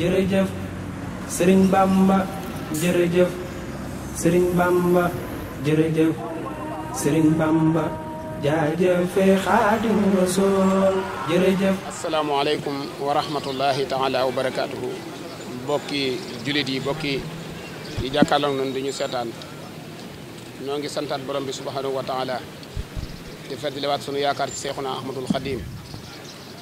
jërëjëf sëriñ Bamba jërëjëf sëriñ Bamba jërëjëf sëriñ Bamba jaajëfee xaadim rasool jërëjëf. asalaamaaleykum wa rahmatullahi taala wa barakaatuhu mbokki jullit yi mbokki yi jàkkaarloo noonu di ñu seetaan ñoo ngi santaat borom bi subhanahu wa taala di fàttaliwaat sunu yaakaar ci seexuna Ahmadul Xadim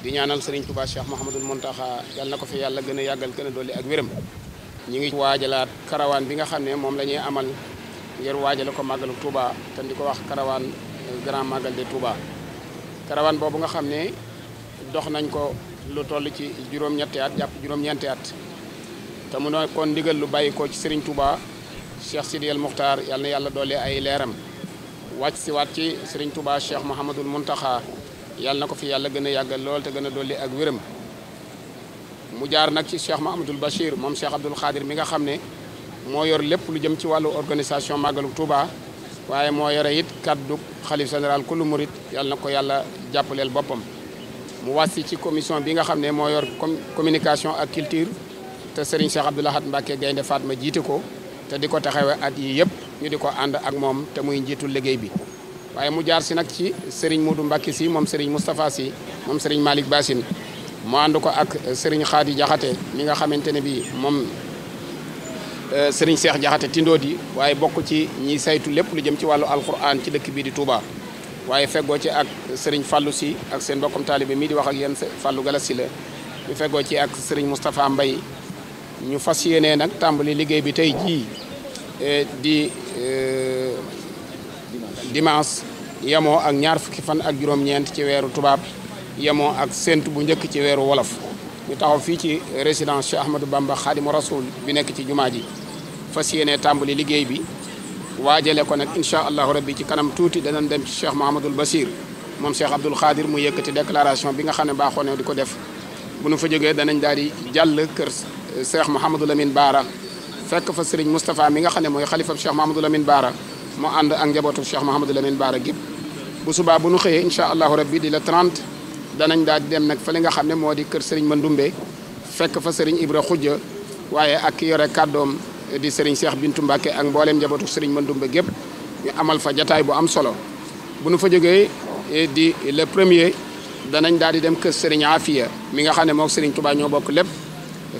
di ñaanal Serigne Touba Cheikh Mouhamadul Mountakha yal na ko fi yàlla gën a yàggal gën a dolli ak wéram ñi ngi waajalaat karawaan bi nga xam ne moom la ñuy amal ngir waajale ko màggalu Touba te di ko wax karawaan euh, grand màggal de Touba karawaan boobu nga xam ne dox nañ ko lu toll ci juróom-ñetti at jàpp juróom-ñeenti at te mu ne kon ndigal lu bàyyi ko ci Serigne Touba Cheikh Sidi El Mokhtar yal na yàlla doole ay leeram wàcc si waat ci Serigne Touba Cheikh Mouhamadul Mountakha yàlla na ko fi yàlla gën a yàggal lool te gën a dolli ak wéram mu jaar nag ci Cheikh Mahamadul Bachir moom Cheikh Abdoul Khadir mi nga xam ne moo yor lépp lu jëm ci wàllu organisation màggalu Touba waaye moo yore it kaddu xalif général kullu murit yàlla na ko yàlla jàppaleel boppam. mu wàcc ci commission bi nga xam ne moo yor communication ak culture te Serigne Cheikh Abdoul Ahad Mbacké Gaynde Fatma jiite ko te di ko taxawee at yii yëpp ñu di ko ànd ak moom te muy njiitu liggéey bi. waaye mu jaar si nag ci sëriñ Modou Mbacke si moom sëriñ Moustapha si moom Serigne Malick basin mu ànd ko ak Serigne Khady Diakhaté mi nga xamante ne bii moom sëriñ euh, Serigne Cheikh Diakhaté Tindodi waaye bokk ci ñi saytu lépp lu jëm ci wàllu alquran ci dëkk bii di Touba. waaye fegoo ci ak sëriñ fallu si ak seen bokkam taalibe mii di wax ak yéen Fallou Galassi la ñu fegoo ci ak sëriñ Moustapha mbay ñu fas yéenee nag tàmbali liggéey bi tey jii euh, di euh, dimanche yamoo ak ñaar fukki fan ak juróom-ñeent ci weeru tubaab yamoo ak séntu bu njëkk ci weeru wolof ñu taxaw fii ci résidence Cheikh Ahmadou Bamba Khadimu Rasoul bi nekk ci jumaa ji fas yéenee tàmbali liggéey bi waajale ko nag incha allahu rabbi ci kanam tuuti danañ dem ci Cheikh Mahamadul Basir moom Cheikh Abdoul Khadir mu yëkkati déclaration bi nga xam ne baaxoo ne di ko def bu nu fa jógee danañ daal di jàll kër eh, Cheikh Mouhamadul Amin Baara fekk fa Serigne Moustapha mi nga xam ne mooy xalifam Cheikh Mouhamadul Amin Baara mu ànd ak njabootu Cheikh Mouhamadul Amin Baara gépp bu subaa bu nu xëyee incha allahu rabbi di la 30 danañ daal di dem nag fa li nga xam ne moo di kër Serigne Mandoumbe fekk fa sëriñ Ibra Khoudia waaye ak yore kàddoom di Serigne Cheikh Bintou Mbacke ak mboolem njabootu Serigne Mandoumbe gépp ñu amal fa jataay bu am solo bu nu fa jógee eh, di le premier danañ daal di dem kër Serigne Afia mi nga xam ne moom Serigne Touba ñoo bokk lépp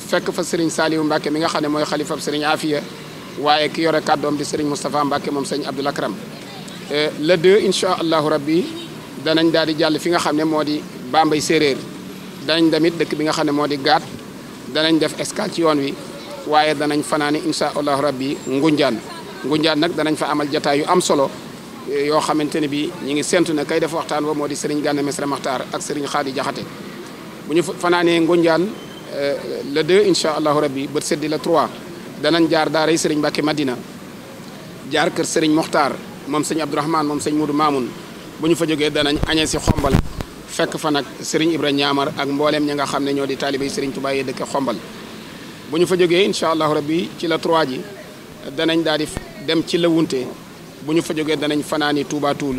fekk fa Serigne Saliou Mbacke mi nga xam ne mooy xalifab Serigne Afia waaye ki yore kàddoom di Serigne Moustapha Mbacke moom Serigne Abdoul Akram Euh, le deux incha allahu rabbi danañ daal di jàll fi nga xam ne moo di Bambey séeréer danañ damit dëkk bi nga xam ne moo di gaat danañ def escale ci yoon wi waaye danañ fanaani incha allahu rabbi ngunjaan ngunjaan nag danañ fa amal jataay yu am solo euh, yoo xamante ne bi ñi ngi sentu ne kay def waxtaan wa moo di Serigne Gana Messere Maxtaar ak Serigne Xaadi Jaxate bu ñu fanaanee ngunjaan euh, le deux incha allahu rabbi bët seddi la trois danañ jaar daaray Serigne Madina jaar kër Serigne Moxtaar moom sëñ Abdourahman moom sëñ Moudou Mamoun bu ñu fa jógee danañ añee si xombal fekk fa nag Serigne Ibra Ñaamar ak mbooleem ñi nga xam ne ñoo di taalibe yi Serigne Touba yi dëkk xombal bu ñu fa jógee incha allahu rabbi ci la trois ji danañ daal di dem ci la bu ñu fa jógee danañ fanaani Touba Toul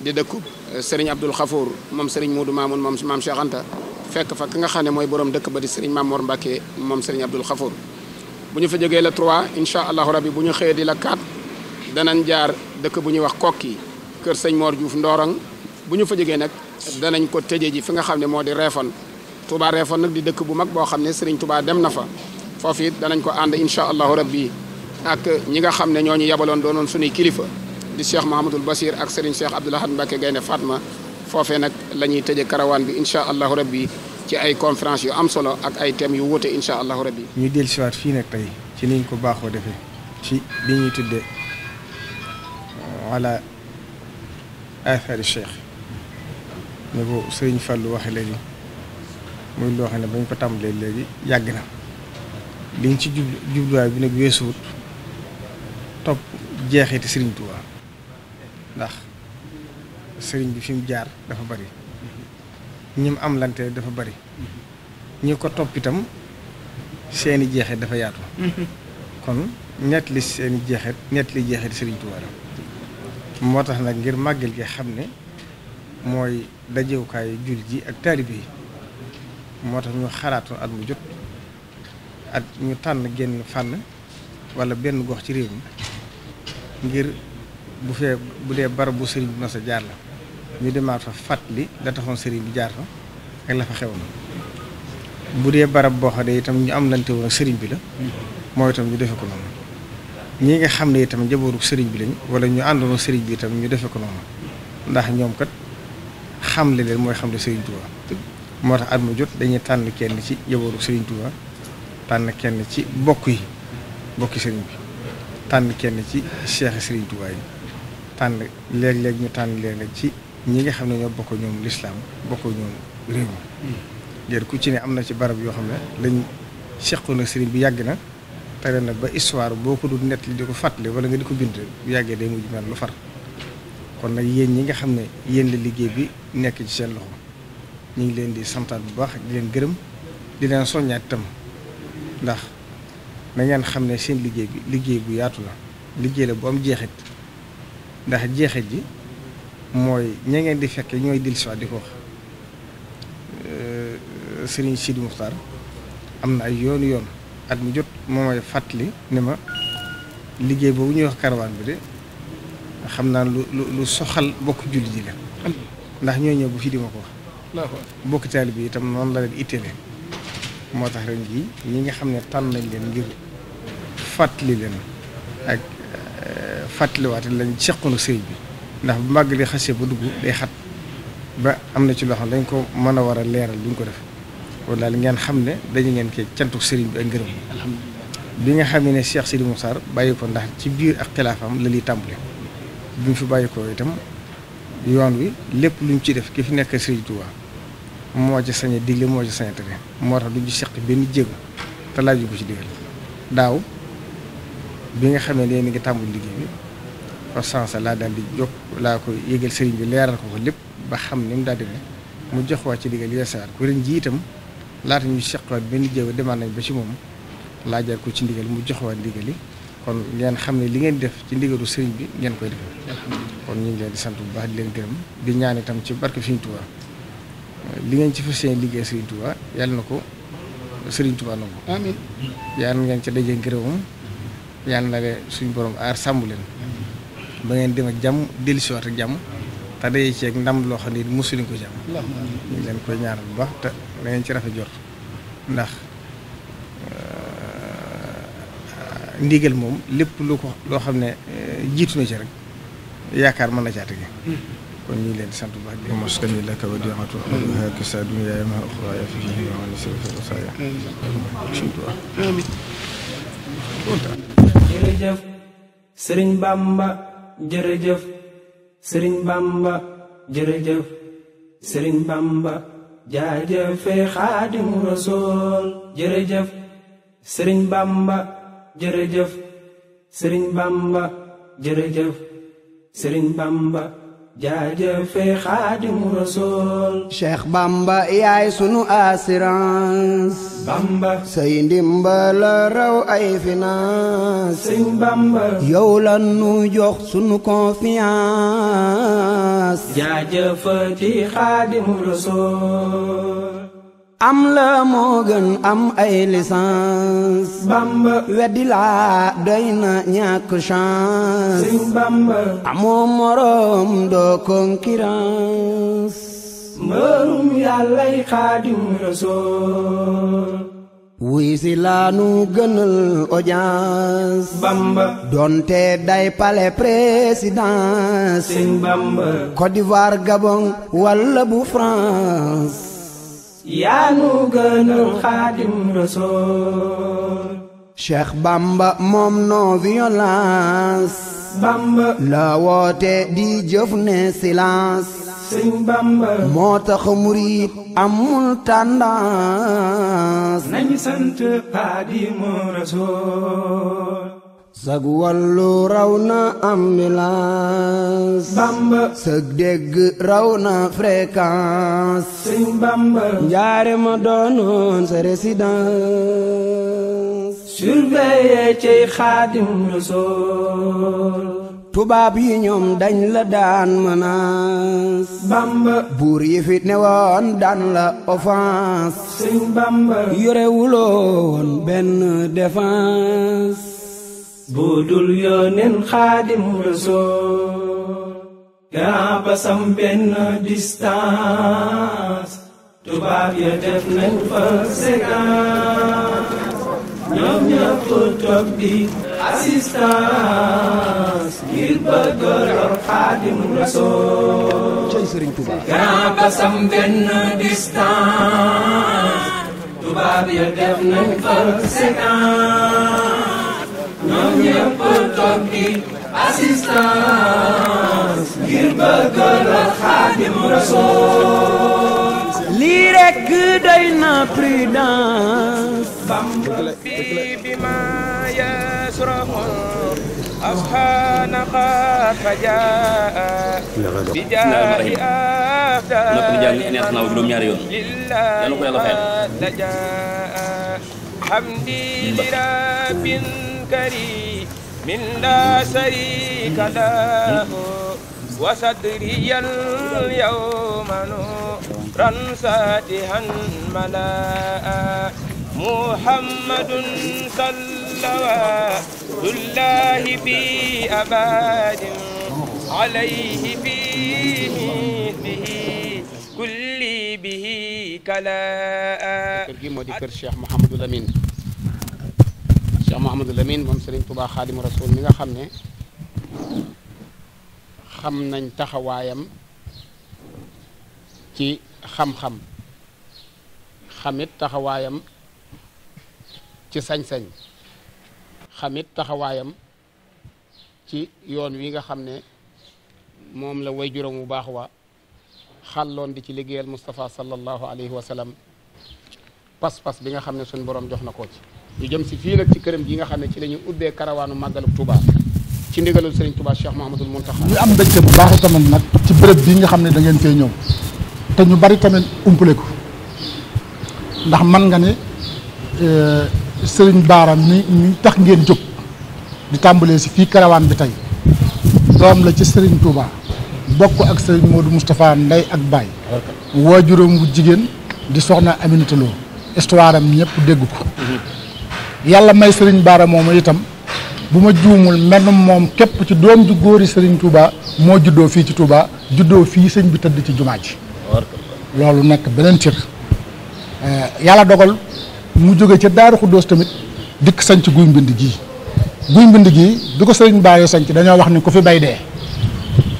di dëkkub euh, Serigne Abdoul Khafour moom Serigne Moudou Mamoun moom maam Cheikh Anta fekk fa ki nga xam ne mooy borom dëkk ba di Serigne Mamor Mbacke moom Serigne Abdoul Khafour bu ñu fa jógee la trois incha allahu rabbi bu ñu xëyee di la quatre. danañ jaar dëkk bu ñuy wax kokki kër sëñ Mor Diouf Ndorong bu ñu fa jógee nag danañ ko tëjee ji fi nga xam ne moo di reefon Touba Réfane nag di dëkk bu mag boo xam ne Serigne Touba dem na fa foofu it danañ ko ànd incha allahu rabbi ak ñi nga xam ne ñoo ñu yabaloon doonoon suñuy kilifa di Cheikh Mahamadul Basir ak Serigne Cheikh Abdoul Ahad Mbacké Gaynde Fatma foofee nag la ñuy tëjee karawaan bi incha allahu rabbi ci ay conférence yu am solo ak ay thèmes yu wuute incha allahu rabbi. ñu dellusiwaat fii nag tey ci niñ ko baaxoo defee ci li ñuy tuddee. ala athari cheikh ni ko sëriñ lu waxe léegi muy loo xam ne bañ ko tàmbalee léegi yàgg na liñ ci jub jubluwaay bi nag weesuwut topp jeexiti sëriñ Touba ndax sëriñ bi fi jaar dafa bari ñi mu dafa bari ñi ko topp itam seeni jeexit dafa yaatu mm-hmm. kon ñett li seeni jeexit ñett li jeexit sëriñ Touba moo tax nag ngir màggal gi xam ne mooy dajewukaay jul ji ak taalibe yi moo tax ñu xalaatoon at mu jot at ñu tànn génn fànn wala benn gox ci réew mi ngir bu fee bu dee barab bu sëriñ bi na a jaar la ñu demaat fa fàttali la taxoon sëriñ bi jaar fa ak la fa xewoon bu dee barab boo xam itam ñu am lante woon sëriñ bi la mooy itam ñu defe ko noonu ñi nga xam ne itam njabootu sëriñ bi lañ wala ñu àndoonoo sëriñ bi itam ñu defe ko noonu ndax ñoom kat xam le leen mooy xam le sëriñ Touba moo tax at mu jot dañuy tànn kenn ci njabootu sëriñ Touba tànn kenn ci bokk yi bokki sëriñ bi tànn kenn ci cheikh sëriñ yi tànn léeg-léeg ñu tànn leen rek ci ñi nga xam ne ñoo bokk ñoom lislaam bokk ñoom réew mi hmm. ku ci ne am na ci barab yoo xam ne lañ seqoon na sëriñ bi yàgg na tere na ba histoire boo ko dul nettali di ko fàttale wala nga di ko bind bu yàggee day mujj mel lu far kon nag yéen ñi nga xam ne yéen la liggéey bi nekk ci seen loxo ñu ngi leen di santaat bu baax di leen gërëm di leen soññaat itam ndax na ngeen xam ne seen liggéey bi liggéey bu yaatu la liggéey la bu am jeexit ndax jeexit ji mooy ña ngeen di fekke ñooy dellusiwaat di ko wax Serigne Muxtaar am na ay yoon yoon at mu jot moo may fàttali ne ma liggéey boobu ñuy wax karawaan bi de xam naa lu lu soxal bokk julli ji la ndax ñoo ñëw bu fi di ko wax bokk taali bi itam noonu la leen itteele moo tax rek jii ñi nga xam ne tànn nañ leen ngir fàttali leen ak euh, fàttaliwaate lañ seqoon sëriñ bi ndax bu màgg li xasee ba dugg day xat ba am na ci loo xam dañ ko mën a war a leeral duñ ko def kon daal ngeen xam ne dañu ngeen koy cantu sëriñ bi ak ngërëm bi nga xam ne Cheikh Sidi Moussa bàyyi ko ndax ci biir ak xilaafam la liy tàmbale bi mu fi bàyyi ko yoon wi lépp lu ñu def ki fi nekk sëriñ Touba moo ci sañ digle moo ci sañ tere moo tax du ci seq benn jéego te laaju ko ci digal daaw bi nga xam ne yéen a ngi tàmbali liggéey bi par sens laa daal di jokk laa ko yëgal sëriñ bi leeral ko ko lépp ba xam ni mu daa demee mu jox waa ci digal yeesaar ko ren ji itam. laata ñu seqwaat benn jéego demaat nañ ba ci moom laajaat ko ci ndigal mu joxwaat ndigal li kon ngeen xam ne li ngeen def ci ndigalu sëriñ bi ngeen koy def kon ñu leen di sant bu baax di leen gërëm di ñaan itam ci barke Sëriñ Tuubaa li ngeen ci fas yéene liggéey Sëriñ Tuubaa yàlla na ko Sëriñ Tuubaa nangu amiin yàlla ngeen ca dajee ngërëmam yàlla na leen suñ borom aar sàmm leen ba ngeen dem ak jàmm dellusiwaat ak jàmm te dajee ci ak ndam loo xam ne mosuñu ko jàmm ñu ngi leen koy ñaanal bu baax te da ci rafet jot ndax euh, ndigal moom lépp lu ko loo xam ne euh, jiitu na ci rek yaakaar mën na caa tege ñu ngi leen sant bu baax di leen mos tamit lakk ba diwaan tuuti. ak ma wax waaye fii jërëjëf Serigne Bamba jërëjëf Serigne Bamba jërëjëf Serigne Bamba. jaajëfe xaadimu rasool jërëjëf sëriñ bamba jërëjëf sëriñ bamba jërëjëf sëriñ bamba jaajëfee xaadimu rasool. Cheikh Bamba yaay sunu assurance. Bamba. say ndimbal raw ay finance. sëñ Bamba. yow la nu jox sunu confiance. jaajëfati xaadimu rasool. am la moo am ay licence bamba weddi laa doy na ñàkk chance sëñ bamba amoo moroom doo concurrence mbërum yàllay xaadim rasool wuy si laa nu gënal audience bamba donte day palais présidence sëñ bamba Gabon walla bu France yaa nu gënal xaadim rasool cheikh bamba moom no violence bamba la woote di jëf ne silence sëñ bamba moo tax murit amul tendance nañu sant xaadim rasool sag wallu raw na ambulance bamba dégg raw na fréquence sëñ bamba ma doonoon sa résidence surveillé cey xaadim rasool tubaab yi ñoom dañ la daan menace bamba buur yi fi ne woon la offense sëñ bamba yorewuloo benn défense budul yoneen xaadim rasul gaa basam benn distance tubaab ya def nañ fa séquence ñoom ñëpp toog di assistance ngir bëgg lor xaadim rasul gaa basam benn tubaab ya def nañ fa séquence ñoom ñëpp toog di assistance ngir bëgg la Xaadim Rasool lii rekk doy na prudence Bamba bi bi ma yasrahul أصحى نقا فجاء بجاه أفضل لله لجاء حمدي لرب منكري من لا شريك له وصدري اليوم نورا ساتها ملاء محمد صلوات الله في أباد عليه فيه به كل به كلاء. kër gi moo di kër Cheikh Mouhamadou Lamine Cheikh Mouhamadou Lamine moom Serigne Touba Xaadimu Rasuul mi nga xam ne xam nañ taxawaayam ci xam-xam xamit taxawaayam ci sañ-sañ xamit taxawaayam ci yoon wi nga xam ne moom la way juróom bu baax wa loon di ci liggéeyal Moustapha sallallahu alayhi wa sallam pas-pas bi nga xam ne suñ borom jox na ko ci ñu jëm si fii nag ci këram gi nga xam ne ci la ñuy ubbee karawaanu màggalu Touba ci ndigalul Serigne Touba Cheikh Mahamadul Muntaxa ñu am mbégte bu baax tamit nag ci béréb bi nga xam ne da ngeen fee te ñu bari tamit umpale man nga ne euh, Serigne Baara mi mi tax ngeen jóg di tàmbalee si fii karawaan bi tey doom la ci Serigne Touba bokk ak Serigne Modou Moustapha ndey ak baay juróom wu jigéen di soxna Aminata Lo histoire am ñëpp dégg ko mhm. yàlla may sëriñ Baara moomu itam bu ma juumul menn moom képp ci doom ju góori sëriñ Touba moo juddoo fii ci Touba juddoo fii sëñ bi tëdd ci jumaa ji loolu nekk beneen cër eh, yàlla dogal mu jóge ca Daaru Xuddoos tamit dikk sanc guy mbind gii guy mbind gii bi ko sëriñ Baara sanc dañoo wax ni ku fi bay dee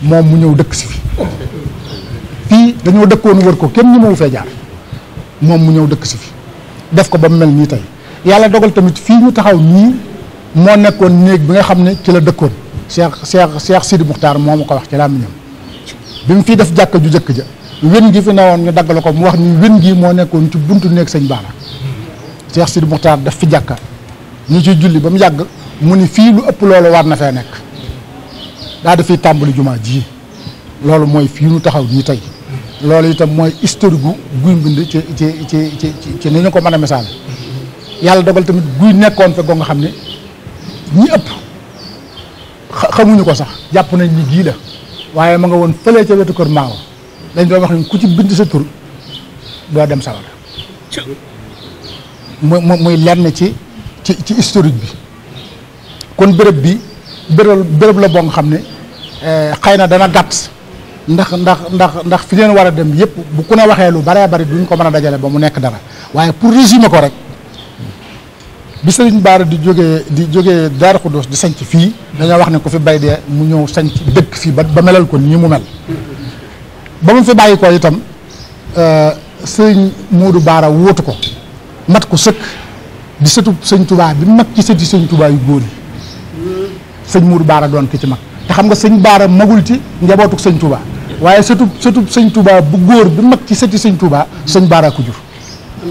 moom mu ñëw dëkk si fi fii dañoo dëkkoon wër ko kenn ñi ma fee jaar moom mu ñëw dëkk si fi def ko ba mu mel nii tey yàlla dogal tamit fii ñu taxaw nii moo nekkoon néeg bi nga xam ne ci la dëkkoon Cheikh Cheikh Cheikh Sidi Muxtaar moo ma ko wax ci làmmiñam bi mu fii def jàkka ju jëkk ja wën gi fi newoon ñu daggal ko mu wax ni wén gi moo nekkoon ci buntu néeg sëñ Baara Cheikh Sidi Muxtaar daf fi jàkka ñu ci julli ba mu yàgg mu ni fii lu ëpp loolu war na fee nekk daa dafiy tàmbali jumaa ji loolu mooy fii mu taxaw nii tey loolu itam mooy historique gu guy mbind ci ci ci ci ko mën a misaale yàlla dogal tamit guy nekkoon fa nga xam ne ñi ëpp xamuñu ko sax jàpp nañ ni gii la waaye ma nga woon fëlee ca wetu kër maawa dañ doon wax ne ku ci bind sa tur doo dem sawara mu muy lenn ci ci ci historique bi kon béréb bi béréb béréb la boo nga xam ne eh, xëy na dana gàtt ndax ndax ndax ndax fi leen war a dem yëpp bu ku ne waxee lu baree bari duñ ko mën a dajale ba mu nekk dara waaye pour résumer ko rek bi sëriñ Baara di jógee di jóge Daaru doos di sanc fii dañoo wax ne ku fi bay de mu ñëw sanc dëkk fii ba ba melal ko nii mu mel ba mu fi bàyyi ko itam euh, sëriñ Moodu Baara wootu ko mat ko sëkk di sëtu sëñ Touba bi mag ci sëti sëñ Touba góor yi sëñ Moodu Baara doon ci mag te xam nga sëñ Baara magul ci njabootuk sëñ Touba waaye sëtu sëtu sëñ Touba bu góor ci sëti sëñ sëñ Baara ku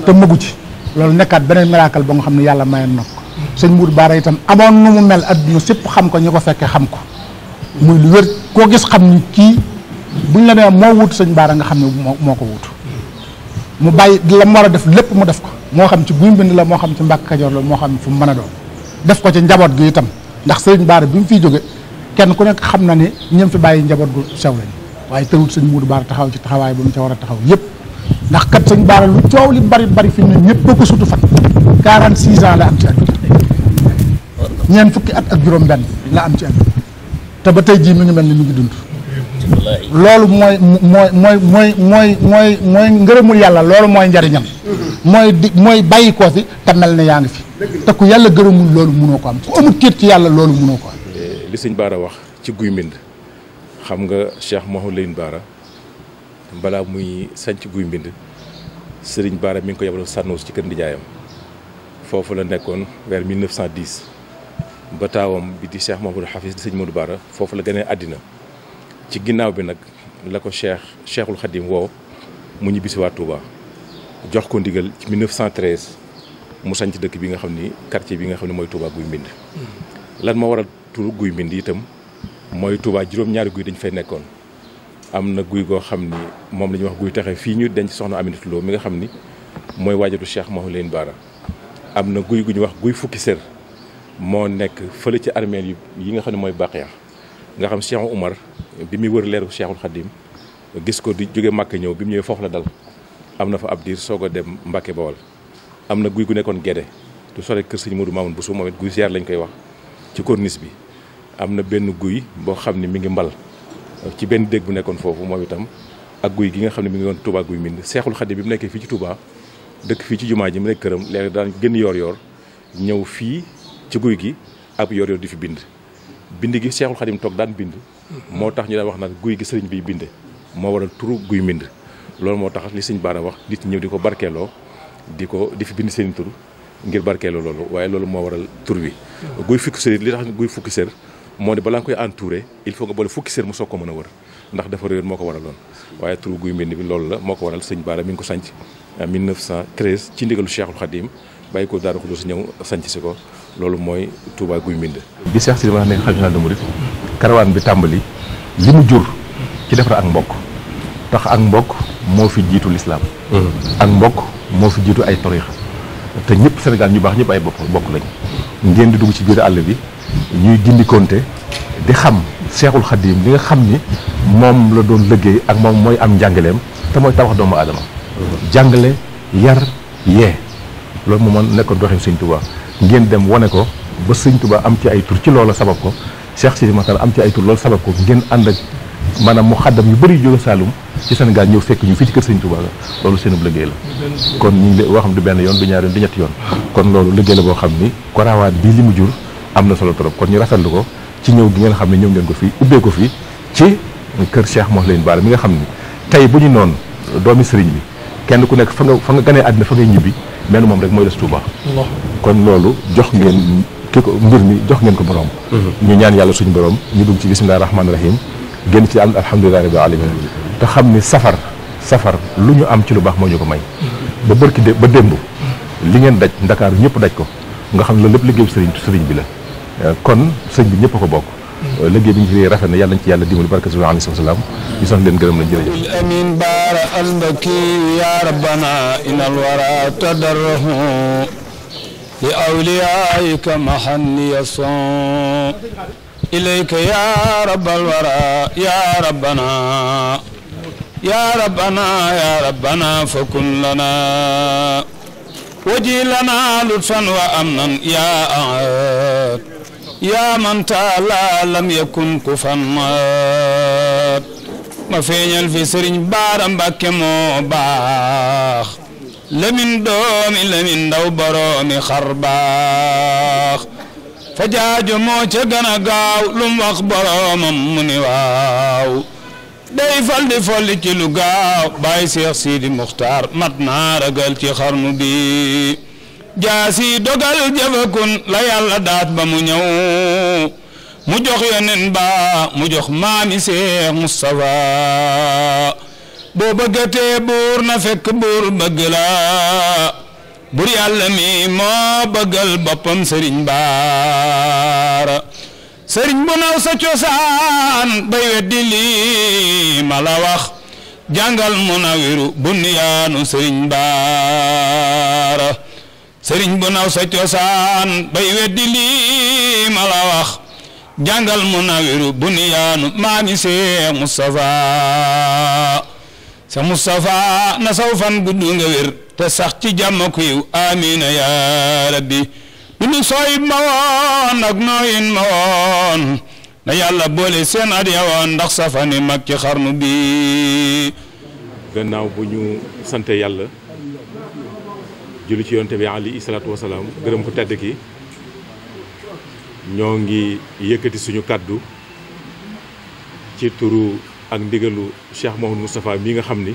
te magu ci loolu nekkaat beneen melaakal ba nga xam ne yàlla mayoon na ko sëñ Mour Baara itam amoon nu mu mel adduna sépp xam ko ñi ko fekkee xam ko muy lu wér koo gis xam ni kii buñ la nee moo wut sëñ Baara nga xam ne moo moo ko wut mu bàyyi la mu war def lépp mu def ko moo xam ci guy mbind la moo xam ci Mbàkke Kajoor la moo xam fu mu mën a doon def ko ci njaboot gi itam ndax sëñ Baara bi mu fiy jóge kenn ku nekk xam na ne ñëm fi bàyyi njaboot gu sew lañ waaye tëwut sëñ Mour Baara taxaw ci taxawaay ba mu ca war a taxaw yëpp ndax kat sëñ Bara lu coow li bari bari fi mu ne ñëpp a ko sutu fan 46 ans la am ci àdduna ñeent fukki at ak juróom-benn la am ci àdduna te ba tey jii mi ngi mel ni mi ngi dund. loolu mooy mooy mooy mooy mooy ngërëmul yàlla loolu mooy njariñam. mooy di mooy bàyyikoo ko fi te mel ne yaa ngi fi. te ku yàlla gërëmul loolu munoo ko am ku amul kiit ci yàlla loolu munoo ko am. Eh, li sëñ Bara wax ci guy mbind xam nga Cheikh Mawlin Bara. balaa muy sanc guy mbind Serigne Bara mi ngi ko yebaloon sànnoos ci kër ndijaayam foofu la nekkoon vers 1910 ba taawam bi di Cheikh Mahamadou Hafiz di sëñ Modou Bara foofu la gënee àddina ci ginnaaw bi nag la ko Cheikh Cheikhul Khadim woo mu ñibbisi waa Touba jox ko ndigal ci 1913 mu sanc dëkk bi nga xam ni quartier bi nga xam ne mooy Touba guy mbind hmm. lan moo waral turu guy mbind itam mooy Touba juróom-ñaari guy dañ fay nekkoon am na guy goo xam ni moom la ñuy wax guy taxe fii ñu denc soxna Aminata Lo mi nga xam ni mooy waajatu Cheikh Mawlène Bara am na guy gu ñuy wax guy fukki sër moo nekk fële ci armeel yi yi nga xam ne mooy Baqiya nga xam Cheikh Oumar bi muy wër leeru Cheikhul Khadim gis ko di jóge Màkka ñëw bi mu ñëwee foofu la dal am na fa ab diir soog a dem Mbàkke Bawol am na guy gu nekkoon Gédé du sore kër sëñ Modou Mamoun Bousso moom it guy ziar lañ koy wax ci corniche bi am na benn guy boo xam ni mi ngi mbal ci benn dégg bu nekkoon foofu moom itam ak guy gi nga xam ne mi ngi doon Touba guy mind seexul xaddi bi mu nekkee fii ci Touba dëkk fii ci jumaa ji mu nekk këram léegi daan génn yoor yoor ñëw fii ci guy gi ab yoor yoor di fi bind bind gi seexul xadim toog daan bind moo tax ñu daan wax naan guy gi sëriñ biy binde moo waral turu guy mind loolu moo tax li sëñ baana wax nit ñëw di ko barkeeloo di ko di fi bind seen tur ngir barkeeloo loolu waaye loolu moo waral tur wi guy fukki sër li tax guy fukki sër moo di balaa koy entouré il faut nga boole fukki sër mu soog ko mën a wër ndax dafa réer moo ko waraloon waaye turu guy mbind bi loolu la moo ko waral sëñ Baara mi ngi ko sanc 1913 euh, ci ndigalu Cheikhul Khadim bàyyi ko Daaru si ñëw sanc si ko loolu mooy Touba guy mbind bi si Sidi Makhtar nekk xalifa général des mourides karawaan bi tàmbali li mu jur ci defar ak mbokk tax ak mbokk moo fi jiitu lislaam mm-hmm. ak mbokk moo fi jiitu ay tariixa te ñëpp Sénégal ñu baax ñëpp ay bopp bokk lañ ngeen di dugg ci biir àll bi ñuy gindikonte di xam seexul xadiim li nga xam ni moom la doon liggéey ak moom mooy am njàngaleem te mooy tabax doomu aadama jàngale yar yee loolu moom man nekkoon doxin sëñ Tuubaa ngeen dem wane ko ba sëñ Tuubaa am ci ay tur ci loola sabab ko Cheikh Sidi Makhtar am ci ay tur loolu sabab ko ngeen ànd ak maanaam mu xaddam yu bari jóge Saalum ci Sénégal ñëw fekk ñu fii ci kër sëñ Tuubaa loolu seenub liggéey la kon ñu ngi wax xam du benn yoon du ñaar yoon ñetti yoon kon loolu liggéey la boo xam ni korawaat bii li mu jur am na solo trop kon ñu rafetlu ko ci ñëw gi ngeen xam ne ñëw ngeen ko fii ubbee ko fii ci kër Cheikh Mouhamed Bara mi nga xam ni tey bu ñu noon doomi sëriñ bi kenn ku nekk fa nga fa nga ganee àddina fa ngay ñibbi mel moom rek mooy des Touba kon loolu jox ngeen ki ko mbir mi jox ngeen ko borom mhm. ñu ñaan yàlla suñu borom ñu dugg ci bisimilah rahmaani rahim génn ci alhamdulilah rabbil alamin te xam ni safar safar lu ñu am ci lu baax moo ñu ko may ba bërki dé ba démb li ngeen daj ndakaaru ñëpp daj ko nga xam ne loolu lépp liggéeyu sëriñ sëriñ bi la Euh, kon sëñ bi ñëpp a ko bokk. Euh, liggéey bi ñu fi rafet na yàlla nañ ci yàlla dimbali barke suñu alayhi salaam ñu sant leen gërëm lañ jërëjëf. amin baara albaki ya rabbana inal wara tadarrahu li awliyaika mahanniya son ilayka ya rabbal wara ya rabbana يا ربنا يا ربنا فكن لنا وجي لنا لطفا وامنا يا أعاد yaa man taala lam yakun ku fan maat ma feeñal fi sëriñ baara mbàkke moo baax lamin doomi lamin ndaw boroomi xar baax fa jaajo moo ca gën gaaw lum wax boroomam mu ni waaw day fal di folli ci lu gaaw bàyyi seex siidi muxtaar mat naa ragal ci xarnu bi jaasi dogal jëfakun la yàlla daat ba mu ñëw mu jox yonen ba mu jox maami Seex Mustafa boo bëggatee buur na fekk buur bëgg la buur yàlla mi moo bëggal boppam sëriñ baara sëriñ bu naw sa cosaan bay weddi lii ma la wax jàngal mu nawiru bunyaanu sëriñ baara sëriñ bu naw sa cosaan bay weddi lii ma la wax jàngal mu nawiru buniyaanu maami Seex Mustafaa Seex Mustafaa na saw fan gudd nga wér te sax ci jàmm ku amiina yaa rabbi dunu sooyib ma woon ak nooyin ma woon na yàlla boole seen at woon ndax safani mag ci xarnu bi gannaaw bu ñu sante yàlla julli ci yonte bi alayhi salaatu wasalaam gërëm ku tedd ki ñoo ngi yëkkati suñu kàddu ci turu ak ndigalu Cheikh Mouhamadou Moustapha mi nga xam ni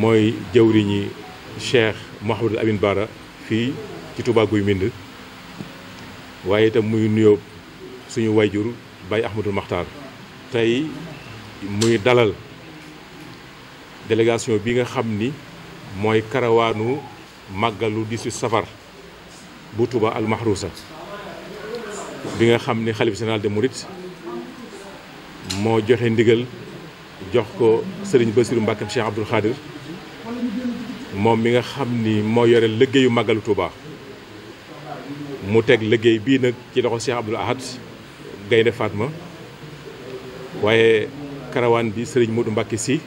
mooy jëwriñi Cheikh Mouhamadou Amin Bara fii ci Touba Guy Mbind waaye itam muy nuyoo suñu wayjur Baye Ahmadou Makhtar tey muy dalal délégation bi nga xam ni mooy karawaanu màggalu 18 safar bu Touba almahrusa bi nga xam ni xalif général de Mouride moo joxe ndigal jox ko Serigne Bassirou Mbacké Cheikh Abdoul Khadir moom mi nga xam ni moo yore liggéeyu màggalu Touba mu teg liggéey bii nag ci loxo Cheikh Abdoul Ahad Gaynde Fatma waaye karawaan bi sëriñ Modou Mbacké si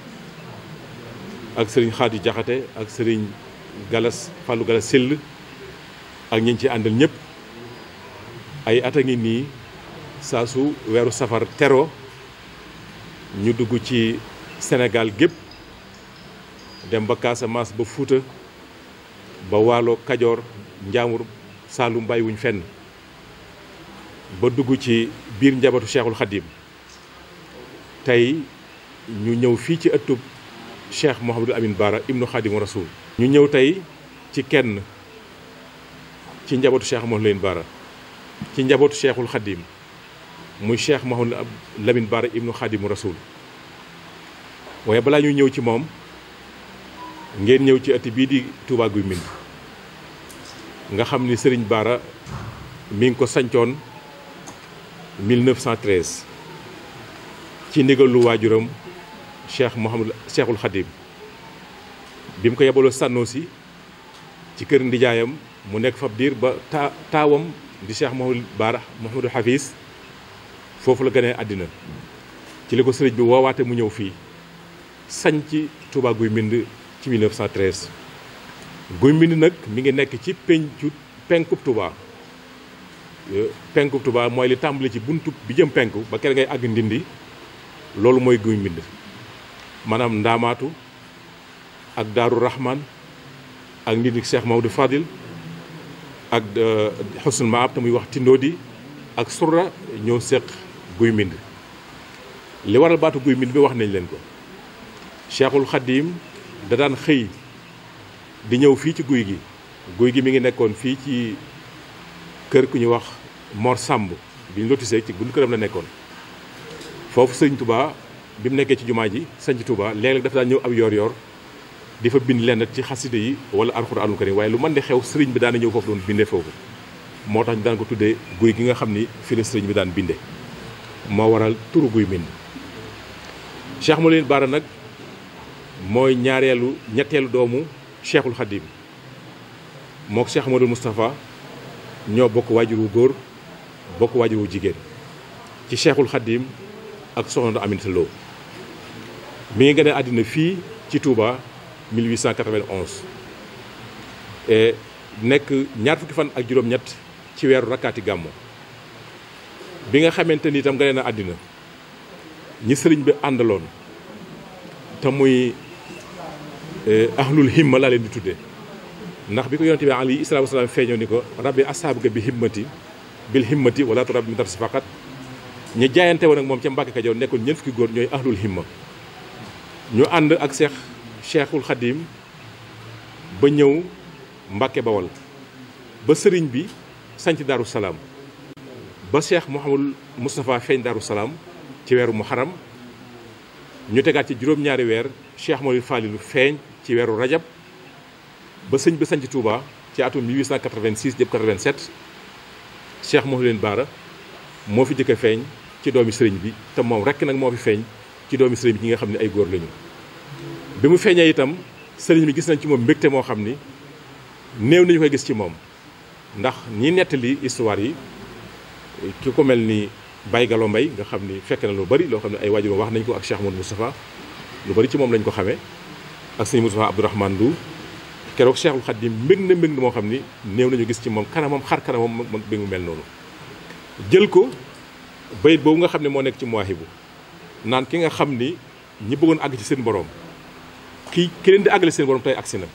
ak sëriñ Xaatu Jaxate ak sëriñ Galas Fallou Galas Sill ak ñi ci àndal ñëpp ay at a ngi nii saa su weeru safar tero ñu dugg ci senegal gépp dem ba Casamance ba Fuuta ba Waalo Kajoor Njaamur mbay wuñ fenn ba dugg ci biir njabootu Cheikhul Khadim tey ñu ñëw fii ci ëttub Cheikh Mouhamadou Amine Bara ibnu Khadimu Rasoul ñu ñëw tey ci kenn ci njabootu Cheikh Mouhamadou Lamine Bara ci njabootu Cheikhul Khadim muy Cheikh Mouhamadou Lamine Bara ibnu Khadimu Rasoul waaye balaa ñu ñëw ci moom ngeen ñëw ci ëtt bii di Touba Guy Mbind nga xam ni sëriñ Bara mi ko sancoon 1913 ci ndigalu waajuram cheikh Mouhamadou cheikhul Khadim bi mu ko yebaloo Sanosi ci kër ndijaayam mu nekk fab diir ba taa taawam di cheikh Mouhamadou Baara Mouhamadou Hafiz foofu la gënee àddina ci li ko sëriñ bi woowaate mu ñëw fii sañ ci Touba Guy Mbind ci 1913 Guy Mbind nag mi ngi nekk ci pencu penkub Touba penkub Touba mooy li tàmbali ci buntub bi jëm penku ba kere ngay àgg ndindi loolu mooy Guy Mbind maanaam ndaamaatu ak daaru rahman ak nit ñi Cheikh Maodo Fadil ak xusnul euh, maab te muy wax di ak surra ñëw seq guy mbind li waral baatu guy mbind bi wax nañ leen ko cheikhul xadim da daan xëy di ñëw fii ci guy gi guy gi mi ngi nekkoon fii ci kër ku ñu wax Mor Sàmb bi ñu lotisee ci bunt këram la nekkoon foofu sëñ Touba bi mu nekkee ci jumaa ji sanc Touba léeg-léeg dafa daan ñëw ab yoor yor di fa bind lenn ci xaside yi wala alxuraanul karim waaye lu man di xew sëriñ bi daana ñëw foofu doon bindee foofu moo tax ñu daan ko tuddee guy gi nga xam ni fii la sëriñ bi daan binde moo waral turu guy mbind Cheikh Mawlid Baara nag mooy ñaareelu ñetteelu doomu Cheikhul Khadim mook Cheikh Amadou Moustapha ñoo bokk waajur wu góor bokk waajur wu jigéen ci Cheikhul Khadim ak soxna Aminata Lo mi ngi gane àddina fii ci Touba 1891 et nekk ñaar fukki fan ak juróom-ñett ci weeru rakkaati gàmmu bi nga xamante ni itam gane na àddina ñi sëriñ bi àndaloon te muy eh, ahlul himma laa leen di tuddee ndax bi ko yonent bi alayhi salaatu wasalaam feeñoo ni ko rabbi asaabuka bi himmati bil himmati wala turab mi tafsi faqat ñu jaayante woon ak moom ca Mbàkke Kajoor nekkoon ñeent fukki góor ñooy ahlul himma ñu ànd ak seex Cheikhul Khadim ba ñëw Mbàkke bawal ba sëriñ bi sanc Daaru Salaam ba Cheikh Mouhamadul mustafaa feeñ Daaru Salaam ci weeru Muharram ñu tegaat ci juróom-ñaari weer Cheikh Mouhamadul Falilu feeñ ci weeru Rajab ba sëñ bi sanc Touba ci atum 1886 jëm 87 Cheikh Mouhamadul Baara moo fi jëkk feeñ ci doomi sëriñ bi te moom rekk nag moo fi feeñ ci doomi sëriñ bi ñi nga xam ne ay góor lañu bi mu feeñee itam sëriñ bi gis nañ ci moom mbégte moo xam ni néew nañu koy gis ci moom ndax ñi nettali histoire yi ki ko mel ni Baye Gallo Mbaye nga xam ni fekk na lu bari loo xam ne ay waajuram wax nañ ko ak Cheikh Modou Moustapha lu bari ci moom lañ ko xamee ak sëñ Moustapha Abdourahmane Lo keroog xat Khadim mbég na mbég moo xam ni néew nañu gis ci moom kanamam xar kanamam bi mu mel noonu jël ko bayit boobu nga xam ne moo nekk ci Mawaahibu naan ki nga xam ni ñi bëggoon àgg ci seen borom ki ki leen di àggale seen borom tey agsi na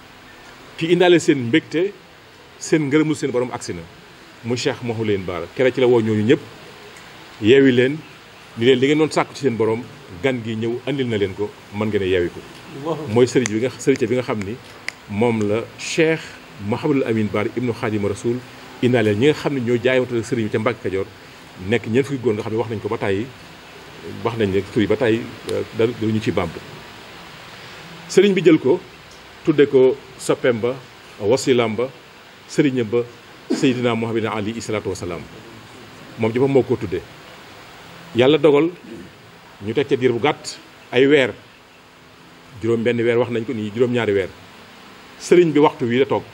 ki indaale seen mbégte seen ngërëmu seen borom agsi na mu Cheikh Mawlou leen baara kere ci la woo ñooñu ñëpp yeewi leen ni leen li ngeen doon sàkku ci seen borom gan gi ñëw indil na leen ko mën ngeen a yeewi ko. mooy sëriñ bi nga sëriñ bi nga xam ni moom la Cheikh Mouhamadul Amin Baar ibnu Xaadima Rasul indaale ñi nga xam ne ñoo jaayootal sëriñ bi ca nekk ñeent fukki góor nga xam ne wax nañ ko ba tàyyi wax nañ rek tur yi ba tey euh, dara ñu ci bamb sëriñ bi jël ko tudde ko soppeem ba wasilaam ba sëriñam ba seydina muhammad ali isalaatu wasalaam moom jëppam moo ko tudde yàlla dogal ñu teg ca diir bu gàtt ay weer juróom benn weer wax nañ ko nii juróom-ñaari weer sëriñ bi waxtu wii la toog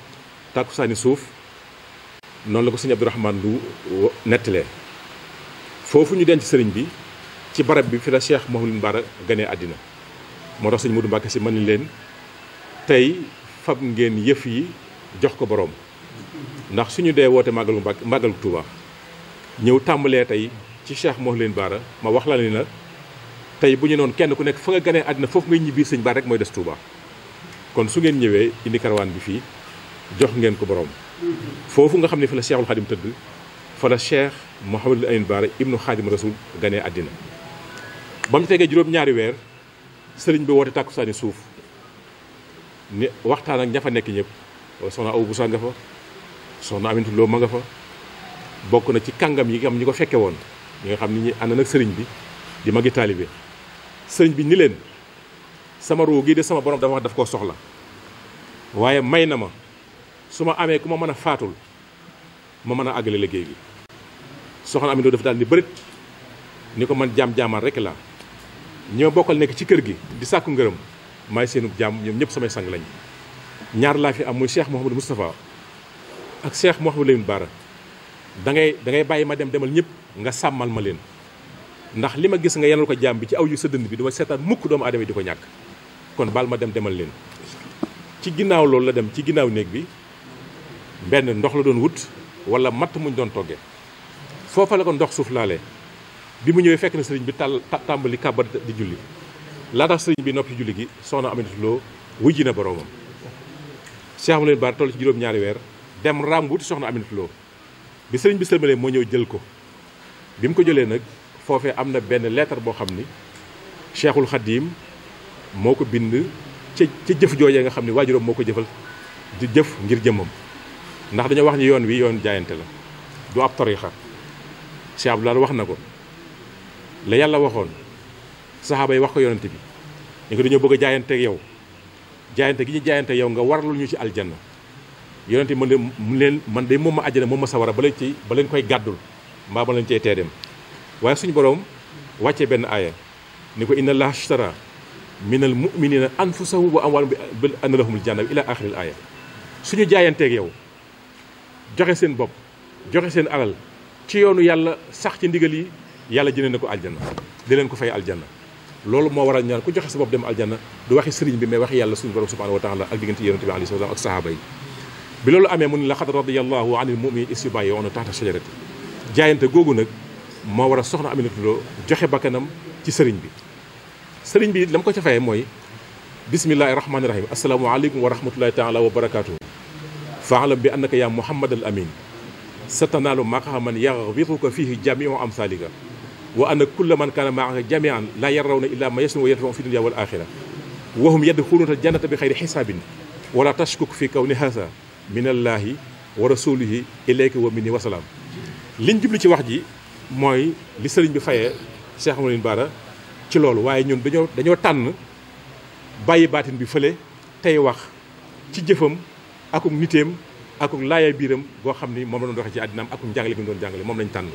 tàkkusaani suuf noonu la ko sëriñ abdourahman lu nettalee foofu ñu denc sëriñ bi ci barab bi fi la Cheikh Mouhamadou Mbara ganee àddina moo tax sëñ Modou Mbacke si mën ni leen tey fab ngeen yëf yi jox ko boroom ndax suñu dee woote màggalu Mbacke màggalu Touba ñëw tàmbalee tey ci Cheikh leen Mbara ma wax la ni na tey bu ñu noon kenn ku nekk fa nga ganee àddina foofu ngay ñibbi sëñ Bara rek mooy des Touba kon su ngeen ñëwee indi karawaan bi fii jox ngeen ko borom foofu nga xam ne fa la Cheikhul Khadim tëdd fa la Cheikh Mouhamadou Amin Bara ibnu Khadim Rasoul ganee àddina ba mu tegee juróom-ñaari weer sëriñ bi woote tàkkusaani suuf ni waxtaan ak ña fa nekk ñëpp soxna Awa Boussa nga fa soxna Amintu Lo ma nga fa bokk na ci kàngam yi nga xam ñi ko fekke woon ñi nga xam ni ñi ànd nag sëriñ bi di magi taalibe sëriñ bi ni leen sama ruu gi de sama borom dafa wax daf koo soxla waaye may na ma su ma amee ku ma mën a faatul ma mën a àggale liggéey bi soxna Amintu dafa daal ni bërit ni ko man jaam-jaamaan rek laa ñi bokkal nekk ci kër gi di sàkku ngërëm maay seenu jaam ñoom ñëpp samay sang lañ ñaar laa fi am muy Cheikh Mouhamadou Moustapha ak Cheikh Mouhamadou mu Bara da ngay dangay dangay bàyyi ma dem demal ñëpp nga sàmmal ma leen ndax li ma gis nga yenal ko jaam bi ci aw yu sa dënd bi dama seetaan mukk doomu aadama yi di ko ñàkk kon baal ma dem demal leen ci ginnaaw loolu la dem ci ginnaaw néeg bi benn ndox la doon wut wala matt muñ doon toggee foofa la ko ndox suuf bi mu ñëwee fekk na sëriñ bi tàll tàmbali kàbba di julli laata sëriñ bi noppi julli gi soxna Aminata Lo wujji na boroomam Cheikh Amadou Bara ci juróom-ñaari weer dem raam wuti soxna Aminata Lo bi sëriñ bi sëlmalee moo ñëw jël ko bi mu ko jëlee nag foofee am na benn leetar boo xam ni Cheikhul Khadim moo ko bind ca ca jëf joojee nga xam ni waajuram moo ko jëfal di jëf ngir jëmmam ndax dañoo wax ni yoon wi yoon jaayante la du ab tarixa Cheikh Abdoulaye wax na ko la yàlla waxoon saxaaba yi wax ko yonent bi ñu ko dañoo bëgg a jaayante yow jaayante gi ñu jaayante yow nga warlul ñu ci aljanna yonent bi mën de mu leen man de moom ma àjjana moom ma sawara ba leen ci ba leen koy gàddul mbaa ba leen cee tee dem waaye suñu boroom wàccee benn aaya ni ko inna allaha ashtara minal muminina anfusahum wa amwalahum bi anna lahumul janna ila axiril aaya suñu jaayanteeg yow joxe seen bopp joxe seen alal ci yoonu yàlla sax ci ndigal yi yàlla jëlee na ko aljanna di leen ko fay aljanna loolu moo waral ñaan ku joxe sa bopp dem aljanna du waxi sëriñ bi mais waxi yàlla suñu borom subhanahu wa taala ak diggante yonente bi alayhi salaam ak sahaaba yi bi loolu amee mu ne laqad radiyallahu anil mu'minin is yubayyi'una tahta shajarati jaayante googu nag moo war a soxna Aminata Lo joxe bakkanam ci sëriñ bi sëriñ bi la mu ko ca fayee mooy bismillahi rahmani rahim asalaamaaleykum wa rahmatullahi taala wa barakatuhu faalam bi annaka yaa muhammad al amin sa tanaalu maqaman yaghfiruka fihi jamiu amsalika wa anna kulla man kaana maaka jamian laa yarawna illa ma yasnu wa yartaon fi dunia wal axira wahum yadxuluuna al jannata bi xayri xisaabin wala tashkuk fi kaw ni haasa min allaahi wa rasulihi ilayka wa ni wasalaam liñ jubli ci wax ji mooy li sëriñ bi fayee Cheikh Amadou Bara ci loolu waaye ñun dañoo dañoo tànn bàyyi baatin bi fële tey wax ci jëfam ak niteem ak laaya biiram goo xam ni moom la doon doxee ci àddinaam akum njàngale gi doon jàngale moom lañ tànn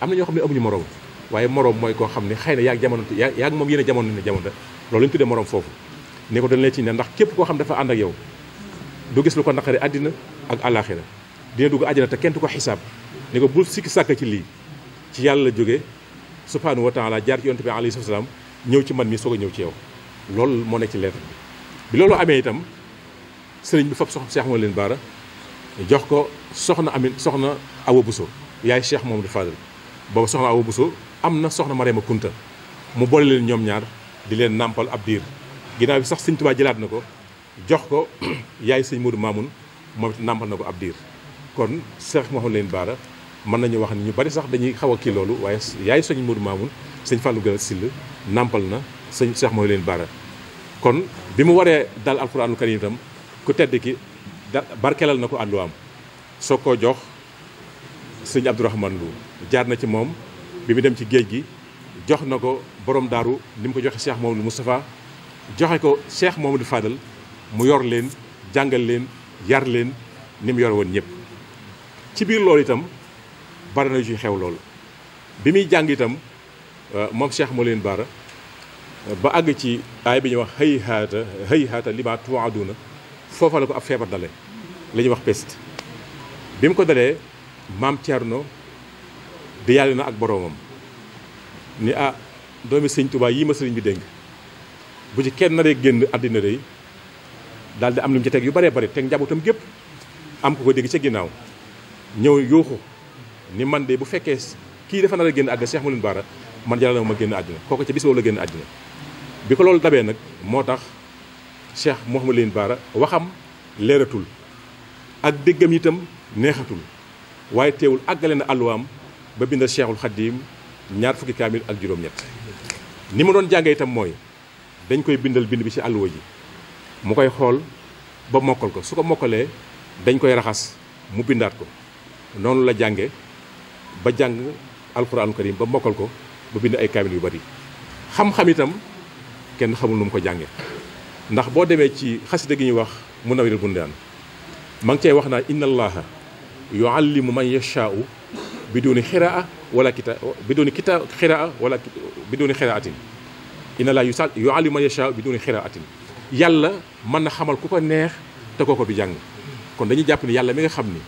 am na ñoo xam ne amuñu moroom waaye moroom mooy koo xam ne xëy na yaag jamono yaa yaag moom yéen a jamono ne jamono loolu ñu tuddee moroom foofu ne ko dañ leen ci ne ndax képp koo xam dafa ànd ak yow du gis lu ko naqari àddina ak àllaaxira dina dugg àjjana te kenn du ko xisaab ne ko bul sikki sàkk ci lii ci yàlla la jógee subhaanahu wa laa jaar ci yonte bi alayhi salaam ñëw ci man mi soog a ñëw ci yow lool moo nekk ci lettre bi loolu amee itam sëriñ bi fab soxna Cheikh moo leen baara jox ko soxna Amin soxna Awa Bousso yaay Cheikh Mamadou Fadel booba soxna am na soxna Mariama Kunta mu boole leen ñoom ñaar di leen nàmpal ab diir ginnaaw bi sax sëñ Tuubaa jëlaat na ko jox ko yaay sëñ Modou Mamoun moom it nàmpal na ko ab diir kon Cheikh Mouhamadou leen Bara mën nañu wax ni ñu bari sax dañuy xaw a kii loolu waaye yaay sëñ Modou Mamoun sëñ Fallou Gala Sill nàmpal na sëñ Cheikh Mouhamadou leen Bara kon bi mu waree dal alxuraanul karim itam ku tedd ki barkelal na ko am soo ko jox sëñ Abdourahmane Lo jaar na ci moom bi mu dem ci géej gi jox na ko boroom daaru ni mu ko joxe Cheikh Mamadou Moustapha joxe ko Cheikh du Fadal mu yor leen jàngal leen yar leen ni mu yor woon ñëpp ci biir loolu itam bari na ci xew lool bi muy jàng itam euh, moom Cheikh moo leen baara ba àgg ci aay bi ñuy wax xëy haata xëy haata lima tuwaaduna foofa la ko ab feebar dale la wax pest bi mu ko dalee maam Thierno di yàlla na ak boroomam ni ah doomi sëñ Tuubaa yii ma sëriñ bi dénk bu ci kenn naree génn àddina day daal am na mu ci yu baree bari teg njabootam gépp am ko ko dégg ca ginnaaw ñëw yuuxu ni man de bu fekkee kii dafa nar a génn àddina Cheikh Mawlin Bara man jaral na ma génn àddina kooku ca bis boobu la génn àddina bi ko loolu dabee nag moo tax Cheikh Mawlin Bara waxam leeratul ak déggam itam neexatul waaye teewul àggale na àlluwaam ba bindal Cheikhul Khadim ñaar fukki kaamil ak juróom-ñett ni ma doon jàngee itam mooy dañ koy bindal bind bi ci àlluwa ji mu koy xool ba mokkal ko su ko mokkalee dañ koy raxas mu bindaat ko noonu la jànge ba jàng alxuraanu karim ba mokkal ko ba bind ay kaamil yu bari xam-xam itam kenn xamul nu mu ko jànge ndax boo demee ci xasida gi ñuy wax Munawwirul Bundaan ma ngi cay wax naa inna allaha yuallimu may yashaau bi بدون خراءة ولا كتاب بدون كتاب خراءة ولا بدون yu إن لا يسال bi يشاء بدون خراءة yàlla man na xamal ku ko neex te kooko bi jàng kon dañuy jàpp ni yàlla mi nga xam ni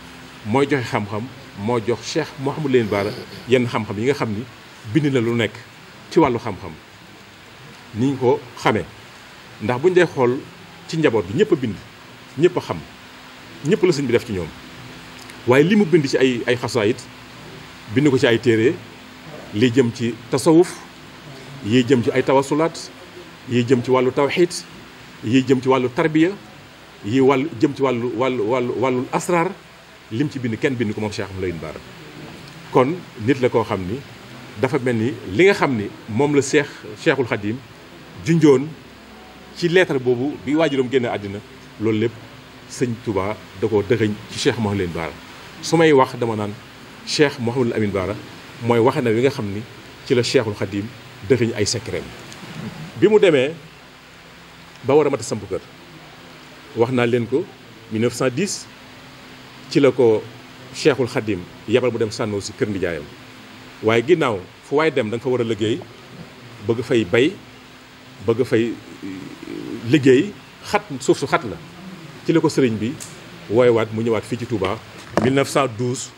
mooy joxe xam-xam moo jox Cheikh Mouhamadou leen Bara yenn xam-xam yi nga xam ni bind na lu nekk ci wàllu xam-xam ni ñu ko xamee ndax buñ dee xool ci njaboot bi ñëpp a bind ñëpp a xam ñëpp la bi def ci ñoom waaye li mu bind ci ay ay xasaayit bind ko ci ay téere li jëm ci tasawuf yi jëm ci ay tawasulaat yi jëm ci wàllu tawxiid yi jëm ci wàllu tarbiya yi wàllu jëm ci wàllu wàllu wàllu wàllu asraar lim ci bind kenn bind ko moom Cheikh Mouhamadou Lamine Bara kon nit la koo xam ni dafa mel ni li nga xam ni moom la seex Cheikhul Khadim junjoon ci leetar boobu bi waajuram génne àddina loolu lépp sëñ tubaa da ko dëxëñ ci Cheikh Mouhamadou Lamine su may wax dama naan cheikh Mouhamadul Amine Bara mooy waxe na wi nga xam ni ci la cheikhul xadim dëxiñ ay secret bi mu demee ba war a mat a samp kër wax naa leen ko 1910 ci la ko cheikhul xadim yabal mu dem sànnu si kër nijaayam waaye ginnaaw fu waay dem da nga fa war a liggéey bëgg fay bay bëgg fay euh, liggéey xat suuf su xat la ci la ko sëriñ bi wooyewaat mu ñëwaat fii ci Touba 1912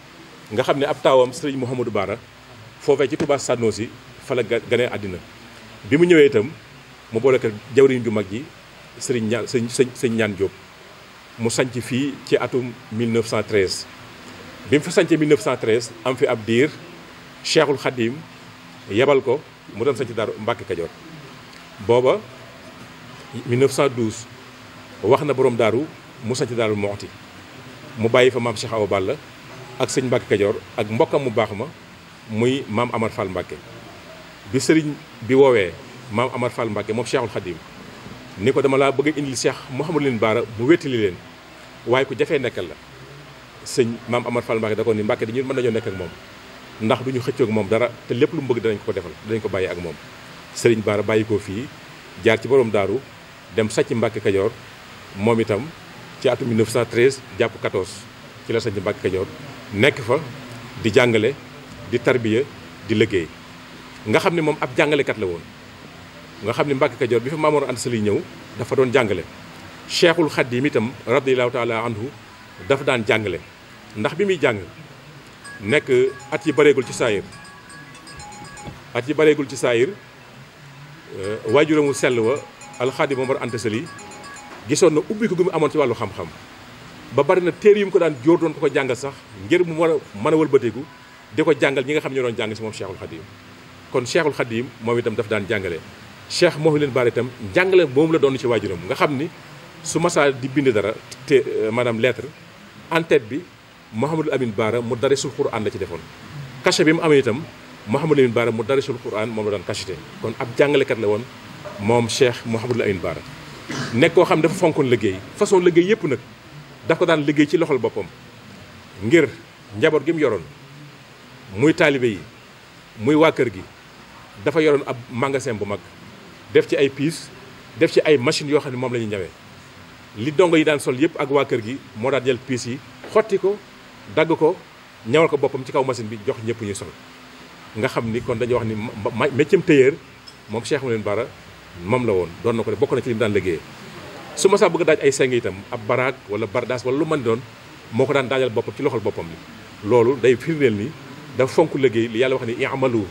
nga xam ne ab taawam sëriñ Mouhamadou Baara foofee ci Touba Sanosi fa la ganee àddina bi mu ñëwee itam mu boole ko jawriñ ju mag yi sëriñ ñaan sëñ sëñ ñaan mu sanc fii ci atum 1913 bi mu fa sancee 1913 am fi ab diir Cheikhul Khadim yebal ko mu doon sanc Daaru Mbàkke Kajoor booba 1912 wax na boroom daaru mu sanc Daaru Moxti mu bàyyi fa maam Cheikh Awa Balla ak sëñ Mbacke Kajoor ak mbokkam mu baax ma muy maam Amar Fall Mbacke bi sëriñ bi woowee maam Amar Fall Mbacke moom Cheikhul Khadim ni ko dama laa bëgg indi seex Cheikh Mouhamadou leen Baara mu wéttali leen waaye ku jafee nekkal la sëñ maam Amar Fall Mbacke da ko ni Mbacke dañu mën nañoo nekk ak moom ndax du ñu xëccoo moom dara te lépp lu mu bëgg danañ ko defal danañ ko bàyyi ak moom sëriñ Baara bàyyi ko fii jaar ci boroom daaru dem sàcc Mbacke Kajoor moom itam ci atum 1913 jàpp 14 ci la sàcc Mbacke nekk fa di jàngale di tarbiya di liggéey nga xam ne moom ab jàngalekat la woon nga xam ne Mbàkke Kajoor bi fa Maam Mor Anta Sali ñëw dafa doon jàngale Cheikhul Khadim itam radiyallahu taala anhu dafa daan jàngale ndax bi muy jàng nekk at yi bareegul ci saayir at yi bareegul ci saayir eh, waajuramu sell wa alxaadi moom Mor Anta Sali gisoon na ubbi ko gu mu amoon ci wàllu xam-xam ba bari na téere yu mu ko daan jóor doon ko ko jàngal sax ngir mu war a mën a wëlbateeku di ko jàngal ñi nga xam ne doon jàng si moom Cheikhul Khadim kon Cheikhul Khadim moom itam daf daan jàngale moo Cheikh leen Bara itam jàngale moom la doon ci waajuram nga xam ni su masaa di bind dara te euh, maanaam lettre en tête bi Mouhamadul Amin Bara mu dare sul Qur'an la ci defoon cachet bi mu amee itam Mouhamadul Amin Bara mu dara sul Qur'an moom la daan cacheté kon ab jàngalekat la woon moom Cheikh Mouhamadul Amin Bara nekk koo xam dafa fonkoon liggéey façon liggéey yëpp nag da ko daan liggéey ci loxol boppam ngir njaboot gi mu yoroon muy taalibe yi muy waa kër gi dafa yoroon ab magasin bu mag def ci ay piis def ci ay machines yoo xam ne moom lañuy ñawe li dongo yi daan sol yëpp ak waa kër gi moo daan jël piis yi xotti ko dagg ko ñawal ko boppam ci kaw machine bi jox ñëpp ñuy sol nga xam ni kon dañuy wax ni méccam téyeer moom Cheikh leen Bara moom la woon doon na ko de bokk na ci li mu daan liggéeyee su ma saa bëgg daaj ay seng itam ab baraag wala bardaas wala lu man doon moo ko daan daajal boppam ci loxol boppam li loolu day firndeel ni dafa fonk liggéey li yàlla wax ni i ne i'malu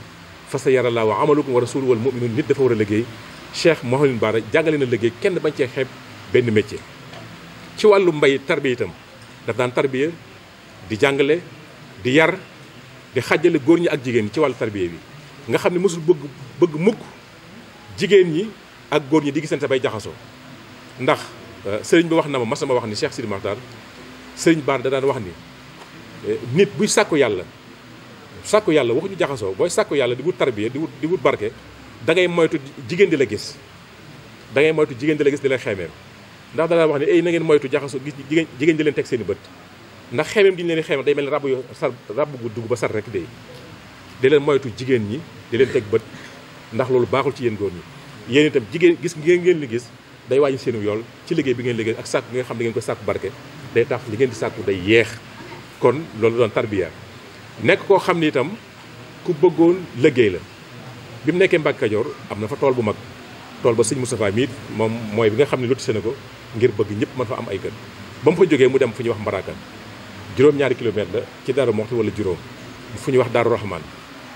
fa sayarallahu war a rasuluhu wal mu'minun nit dafa war a liggéey Cheikh Mouhamadou Bara jàngale na liggéey kenn bañ cee xeeb benn métier ci wàllu mbay tarbiya itam daf daan tarbiya di jàngale di yar di xàjjale góor ñi ak jigéen ci wàllu tarbiya bi nga xam ne mosul bëgg bëgg mukk jigéen ñi ak góor ñi di gisante bay jaxasoo ndax euh, sëriñ bi wax na ma mas na ma wax ni Cheikh Sidi Maxtar sëriñ Baar da daan wax ni euh, nit buy sàkku yàlla sàkku yàlla waxuñu jaxasoo booy sàkku yàlla di wut tarbiya di wut di wut barke dangay moytu jigéen di la gis da ngay moytu jigéen di la gis di la ndax da wax ni ay na ngeen moytu jaxasoo gis jigéen jigéen di leen teg seen bët ndax xeemeem di ñu leen xeemeem day mel ni rab yu sar rab gu dugg ba sar rek day di leen moytu jigéen ñi di leen teg bët ndax loolu baaxul ci yéen góor ñi yéen itam jigéen gis ngeen ngeen li gis day wàññi seenu yool ci liggéey bi ngeen liggéey ak sàkku nga xam ne ngeen ko sàkku barke day tax li ngeen di sàkku day yeex kon loolu doon tarbiya nekk koo xam ni itam ku bëggoon liggéey la bi mu nekkee Mbàkke am na fa tool bu mag tool ba sëñ Moustapha mii moom mooy bi nga xam ne lotissé na ko ngir bëgg ñëpp mën fa am ay kër ba mu jógee mu dem fu ñuy wax Mbarakan juróom-ñaari kilomètre la ci Daaru Moxti walla juróom fu ñuy wax Daaru Rahman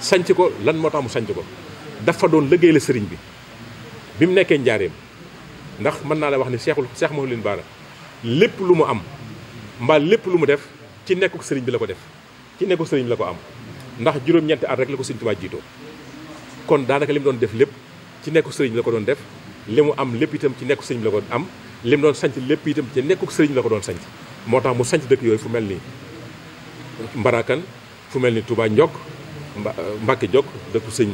sanc ko lan moo tax mu sanc ko dafa doon liggéey la sëriñ bi bi mu nekkee njaareem ndax mën naa la wax ni seex Cheikh leen Baara lépp lu mu am mbaa lépp lu mu def ci nekkuk sëriñ bi la ko def ci nekku sëriñ bi la ko am ndax juróom-ñeenti at rek la ko sëriñ Tuubaa jiitoo kon daanaka li mu doon def lépp ci nekkuk sëriñ bi la ko doon def li mu am lépp itam ci nekkuk sëriñ bi la ko am li mu doon sanc lépp itam ci nekku sëriñ bi la ko doon sanc moo tax mu sanc dëkk yooyu fu mel ni Mbarakan fu mel ni tubaa Ndiok Mbacke Ndiok dëkku sëñ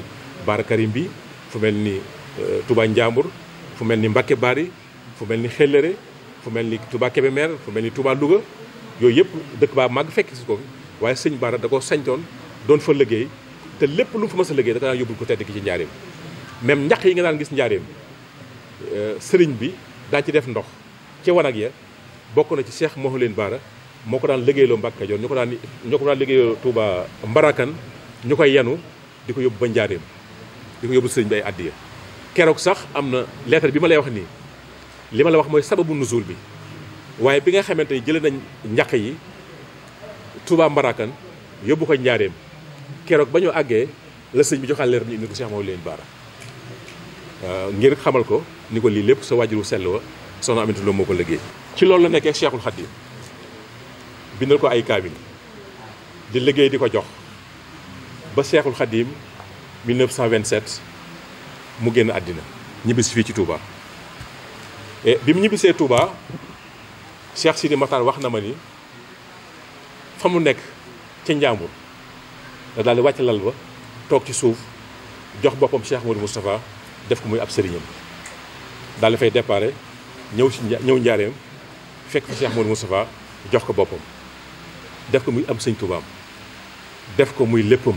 Baara Karim bi fu mel ni euh, Touba Ndiambour fu mel ni Mbacké baari fu mel ni Xelléré fu mel ni Touba Kébémer fu mel ni Touba luga yooyu yëpp dëkk baa mag fekk si ko waaye sëñ Bara da ko sañtoon doon fa liggéey te lépp lu mu fa mës a liggéey da ko daan yóbbul ko tedd ki ci njaareem même ñax yi nga daan gis njaareem euh, sëriñ bi daa ci def ndox ci wanag ya bokk na ci Cheikh leen Bara moo ko daan liggéeyloo Mbacké Kajoor ñu ko daan ñoo ko daan liggéeyloo Touba Mbarakan ñu koy yenu di ko yóbbu ba njaareem di ko yóbbu sëriñ keroog sax am na lettre bi ma lay wax nii li ma la wax mooy sababu nuzul bi waaye bi nga xamante ni jëlee nañ njaq yi Touba Mbarakan yóbbu ko njaareem keroog ba ñu àggee la sëñ bi joxaan leer ñu indi ko Cheikh Mawlid euh, ngir xamal ko ni ko lii lépp sa waajuru sell wa soxna Aminata Lo ko liggéey ci loolu la nekkee Cheikhul Khadim bindal ko ay kaamil di liggéey di ko jox ba Cheikhul Khadim 1927 mu génn àddina ñibbisi fii ci Touba. bi mu ñibbisee Touba Cheikh Sidi Matar wax na ma ni fa mu nekk ca Njàmbur da daal di wàcc lal ba toog ci suuf jox boppam Cheikh Modou Moustapha def ko muy ab sëriñam daal di fay déparé ñëw si ñëw njaareem fekk fa Cheikh Modou Moustapha jox ko boppam def ko muy am sëñ Toubaam def ko muy léppam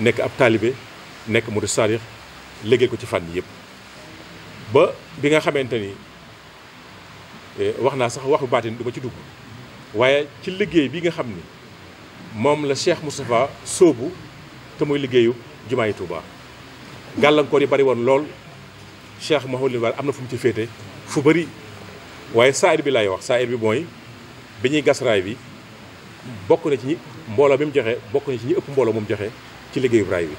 nekk ab taalibe nekk murid saadix liggéey ko ci fànn yëpp ba bi nga xamante ni eh, wax naa sax waxu baatin du ci dugg waaye ci liggéey bi nga xam ni moom la Cheikh Moustapha sóobu te muy liggéeyu jumaa yi Touba gàllankoor yi bari woon lool Cheikh Mawalini Ba am na fu mu ci féete fu bari waaye saayir bi laay wax saayir bi mooy bi ñuy gas raay bi bokk na ci ñi mbooloo bi mu joxe bokk na ci ñi ëpp mbooloo moom joxe ci liggéeyu raay bi.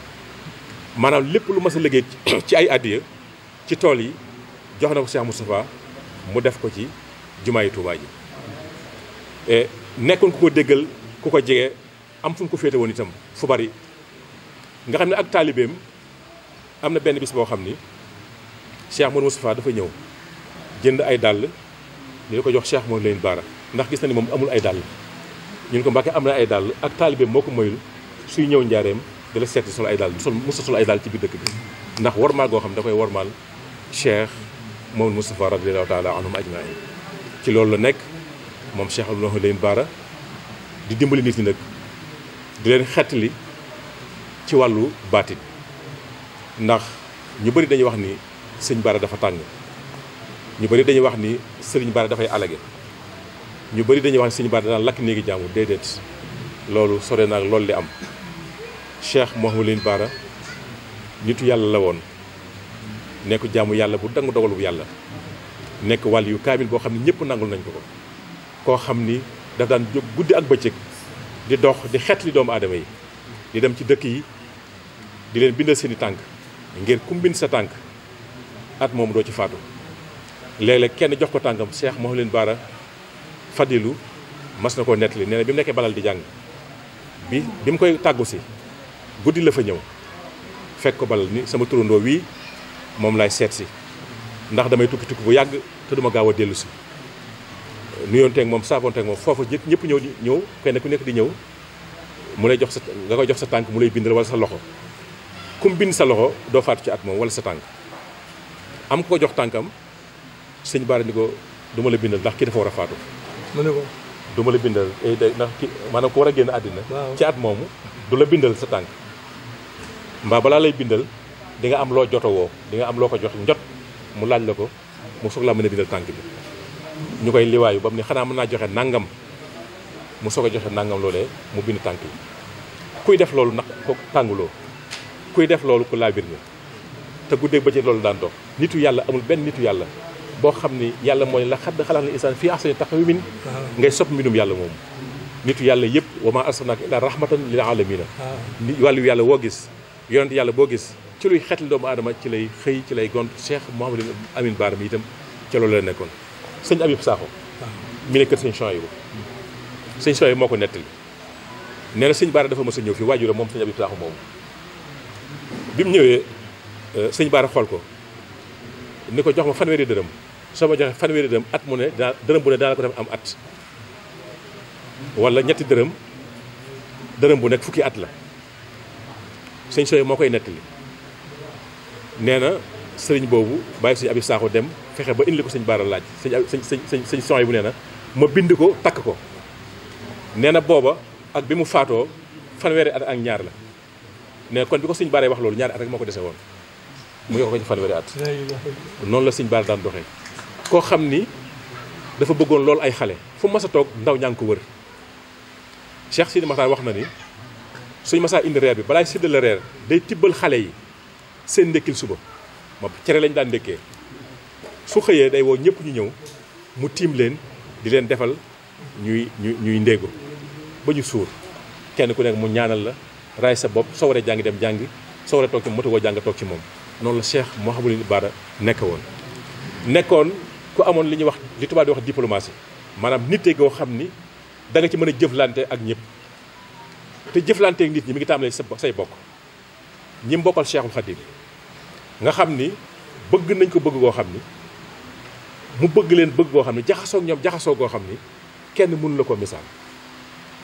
maanaam lépp lu mas a liggéey ci ay addiya ci tool yi jox na ko Cheikh Moustapha mu def ko ci jumaayi Tuubaa ji nekkoon ku ko déggal ku ko jege am fu mu ko féete woon itam fu bari nga xam ne ak taalibeem am na benn bis boo xam ni Cheikh Modou Moustapha dafa ñëw jënd ay dàll ñu ko jox Cheikh Modou leen Bara ndax gis na ni moom amul ay dàll ñu ko Mbàkke am na ay dàll ak taalibeem moo ko moyul suy ñëw njaareem di la seet sol ay daal sol musa sol ay daal ci biir dëkk bi ndax warmaal goo xam ne da koy warmaal cheikh moom Moustapha radiallahu taala anhum ajmain ci loolu la nekk moom cheikh Abdoulaye Leen Baara di dimbali nit ñi nag di leen li ci wàllu baatin ndax ñu bari dañuy wax ni sëñ Baara dafa tàng ñu bëri dañuy wax ni sëriñ Baara dafay alage ñu bëri dañuy wax ni sëñ Baara daan lakk néegi jaamu déedéet loolu sore naag loolu li am Cheikh Mouhamadou Lamine Bara nitu yàlla la woon nekk jaamu yàlla bu dangu dogalu bu yàlla nekk wàll yu kaamil boo xam ne ñëpp nangul nañ ko ko koo xam ni daf daan jóg guddi ak bëccëg di dox di xeet li doomu aadama yi di dem ci dëkk yi di leen bindal seeni tànk ngir kum sa tànk at moom doo ci faatu léeg-léeg kenn jox ko tànkam seex moo Lamine Bara Fadilu mas na koo nettali nee na bi mu nekkee balal di jàng bi bi mu koy tàggu si guddi la fa ñëw fekk ko bal ni sama turandoo wii moom laay seet si ndax damay tukki tukki bu yàgg te duma gaaw a dellu si nuyonteeg moom saafonteeg moom foofu jë ñëpp ñëw di ñëw kenn ku nekk di ñëw mu lay jox sa nga ko jox sa tànk mu lay bindal wala sa loxo kum bind sa loxo doo faatu ci at moom wala sa tànk am ko jox tànkam sëñ Bara ni ko du ma la bindal ndax ki dafa war a faatu. mu ne ko du ma la bindal eh, ndax ki maanaam ku war a génn àddina. ci at moomu du la bindal sa tànk. mbaa balaa lay bindal di am loo jotowoo di nga am loo ko jot njot mu laaj la ko mu soog laa mën a tànk bi ñu koy liwaayu ba mu xanaa mën naa joxe nangam mu soog a joxe nangam loolee mu bind tànk yi kuy def loolu nag ko tànguloo kuy def loolu ku laabir nga te guddeeg ba ci loolu daan dox nitu yàlla amul benn nitu yàlla boo xam ni yàlla mooy la xadd xalaat na insaan fii ahsani taqwiim ngay sopp mbindum yàlla moom nitu yàlla yëpp wa maa arsalnaaka illaa rahmatan lil aalamiina wàllu yàlla woo gis yonent yàlla boo gis ci luy xetal doomu adama ci lay xëy ci lay gont Cheikh Mouhamadou amin Bara mi itam ca loolu la nekkoon sëñ Abib Sakho mi ne kër sëñ Souhaïbou sëñ Souhaïbou moo ko nettali nee na sëñ Bara dafa mës a ñëw fii waajuram moom sëñ Abib Sakho moomu bi mu ñëwee euh, sëñ Bara xool ko ni ko jox ma fanweeri dërëm soo ma joxee fanweeri dërëm at mu ne daa dërëm bu ne daana ko def am at walla ñetti dërëm dërëm bu nekk fukki at la sëñ Soye moo koy nettali nee na sëriñ boobu bàyyi sëñ abi Sakho dem fexe ba indi ko sëñ Baara laaj sëñ sëñ sëñ sëñ Soye bu nee na ma bind ko takk ko nee na booba ak bi mu faatoo fanweeri at ak ñaar la ne kon bi ko sëñ Baara wax loolu ñaari at rek moo ko dese woon mu yokk ko ci fanweeri at noonu la sëñ Baara daan doxee koo xam ni dafa bëggoon loolu ay xale fu mas a toog ndaw ñaa ko wër Cheikh Sidi Makhtar wax na ni suñ masaa indi reer bi balaay la reer day tibbal xale yi seen ndekkil suba moom cere lañ daan ndekkee su xëyee day woo ñëpp ñu ñëw mu tiim leen di leen defal ñuy ñuy ñuy ndéego ba ñu suur kenn ku nekk mu ñaanal la raay sa bopp soo waree jàngi dem jàngi soo waree toog ci moto woo jàng toog ci moom noonu la Cheikh Mouhamadou Bara nekk woon nekkoon ku amoon li ñu wax li tubaab di wax diplomatie maanaam nit goo xam ni da ci mën a jëflante ak ñëpp te jëflanteeg nit ñi mu ngi tàmbalee sa say bokk ñi mu bokkal Cheikhul nga xam ni bëgg nañ ko bëgg goo xam ni mu bëgg leen bëgg goo xam ni jaxasoo ñoom jaxasoo goo xam ni kenn mënu la ko misaal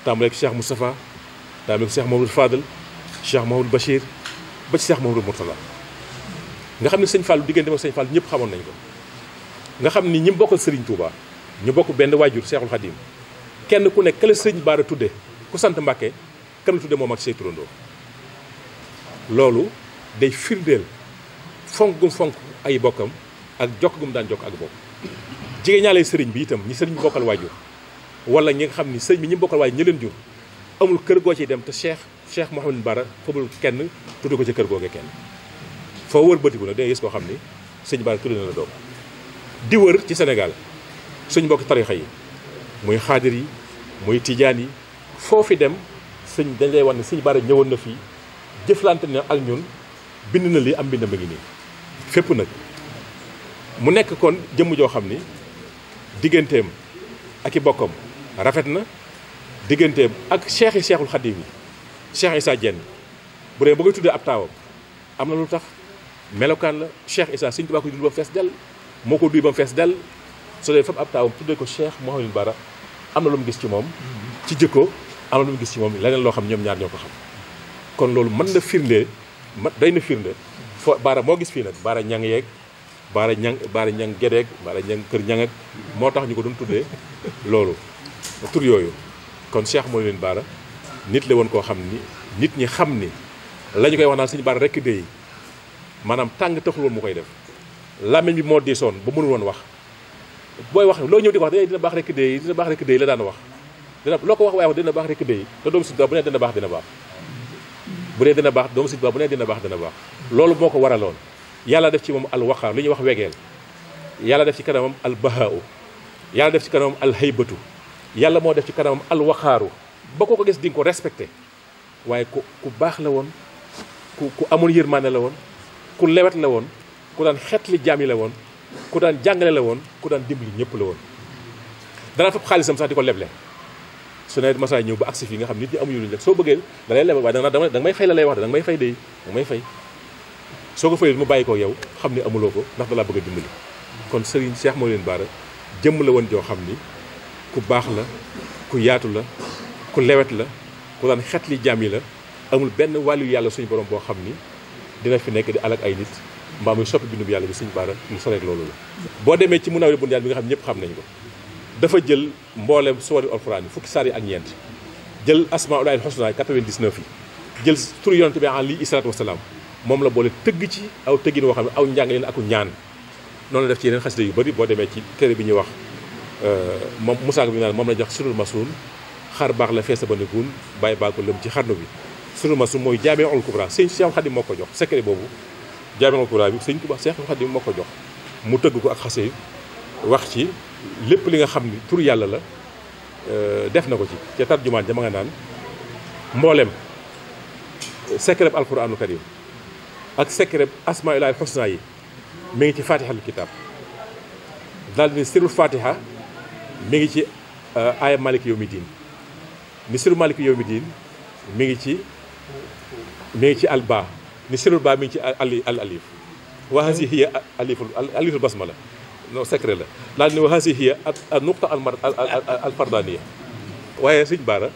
tàmbaleeg Cheikh Moustapha tàmbaleeg Cheikh Mamadou Fadel Cheikh Mamadou Bachir ba ci Cheikh Mamadou Mourtala nga xam ne sëñ Fallou diggante ma sëñ Fallou ñëpp xamoon nañ ko nga xam ni ñi mu sëriñ Serigne ñu bokk benn waajur Cheikhul Khadim kenn ku nekk kële sëñ Baara tudde ku sant Mbàkke kan la tudde moom ak say turandoo loolu day firndeel fonk gum fonk ay bokkam ak jokk gum daan jokk ak bokk jigéen ñaale sëriñ bi itam ñi sëriñ bi bokkal waajur wala ñi nga xam ni sëriñ bi ñi bokkal waajur ñi leen jur amul kër goo ciy dem te Cheikh Cheikh Mouhamadou Bara fabul kenn tudde ko ci kër googee kenn foo wër bëtiku na day gis koo xam ni sëñ Bara tudde na la doom di wër ci Sénégal suñ mbokk tarixa yi muy xaadir yi muy tijaan yi foo fi dem sëñ dañ lay wax ne sëñ Bara ñëwoon na fii jëflante na ak ñun bind na lii am bind ba ngi nii fépp nag mu nekk kon jëmm joo xam ni digganteem ak i bokkam rafet na digganteem ak cheikh yi cheikhul yi cheikh Issa Dieng bu dee ba koy tuddee ab taawam am na lu tax melokaan la cheikh Issa sëñ Tuubaa ko dund ba mu fees dell moo ko duy ba mu fees dell su dee fab ab taawam tuddee ko cheikh Mouhamadou Bara am na lu mu gis ci moom ci jëkkoo alors lu mu gis ci moom leneen loo xam ñoom ñaar ñoo ko xam kon loolu mën na firnde man day na firnde fo baara moo gis fii nag baara ñang yeeg baara ñang baara ñang gedeeg baara ñang kër ñang moo tax ñu ko doon tuddee loolu tur yooyu kon Cheikh moo leen baara nit la woon koo xam ni nit ñi xam ni la ñu koy wax naan suñu baara rekk de yi maanaam tàng taxul woon mu koy def làmmiñ bi moo diisoon bu mënul woon wax booy wax loo ñëw di ko wax eh, dina dina la daan wax dina loo ko wax waaye wax dina baax rek béy te doomu si tubaab bu ne dina baax dina baax bu dee dina baax doomu si tubaab bu ne dina baax dina baax loolu moo ko waraloon yàlla def ci moom al waqaar li ñuy wax wegeel yàlla def ci kanamam al bahaau yàlla def ci kanamam al yàlla moo def ci kanamam al waqaaru ba ko ko gis di ko respecté waaye ku ku baax la woon ku ku amul yërmaane la woon ku lewet la woon ku daan xeetli jaam yi la woon ku daan jàngale la woon ku daan dimbali ñëpp la woon dana xaalisam sax di su nawet masaa ñëw ba agsi fii nga xam nit ñi amuñu luñu rek soo bëggee da lay lebal waaye danga da nga may fay la lay wax da nga may fay day danga may fay soo ko fayul mu bàyyi ko yow xam ni amuloo ko ndax da laa bëgg a dimbali kon Serigne seex moo leen baara jëmm la woon joo xam ni ku baax la ku yaatu la ku lewet la ku daan xet li jaam yi la amul benn wàllu yàlla suñu borom boo xam ni dina fi nekk di alak ay nit mbaa muy soppi bindu bi yàlla bi suñu baara mu soreek loolu boo demee ci mun naa bi nga xam ñëpp xam nañ ko dafa jël mboolem soori alxuraan yi fukki saar yi ak ñeent jël asmaa ulaay xusnaa 99 yi jël turu yonante bi en lii isalaatu wasalaam moom la boole tëgg ci aw tëggin woo xam ne aw njàng leen aku ñaan noonu la def ci yeneen xasida yu bëri boo demee ci téere bi ñuy wax euh, moom Moussa bi naan moom la jox surul masul xar baax la fees ba niguun bàyyi baa ko lëm ci xarnu bi surul masul mooy jaamee ol kubra sëñ Cheikh Xadim moo ko jox secret boobu jaamee ol kubra bi sëñ Tuubaa Cheikh Xadim moo ko jox mu tëgg ko ak xase wax ci lépp li nga xam ni tur yàlla la euh, def na ko ci ca tarjumaan ja ma nga naan mboolem secret alquraanu karim ak secret asmaa ilaahi xusna yi mi ngi ci fatihatul kitab daal ni sirul fatiha mi ngi ci euh, aaya malik yow mi ni sirul malik yow mi ngi ci mi ngi ci alba ni sirul baa mi ngi ci al alif wa hasi hiya aliful aliful basmala non secret la daal ni wa haasi hiya al nuqta al fardaniya waaye sëñ baara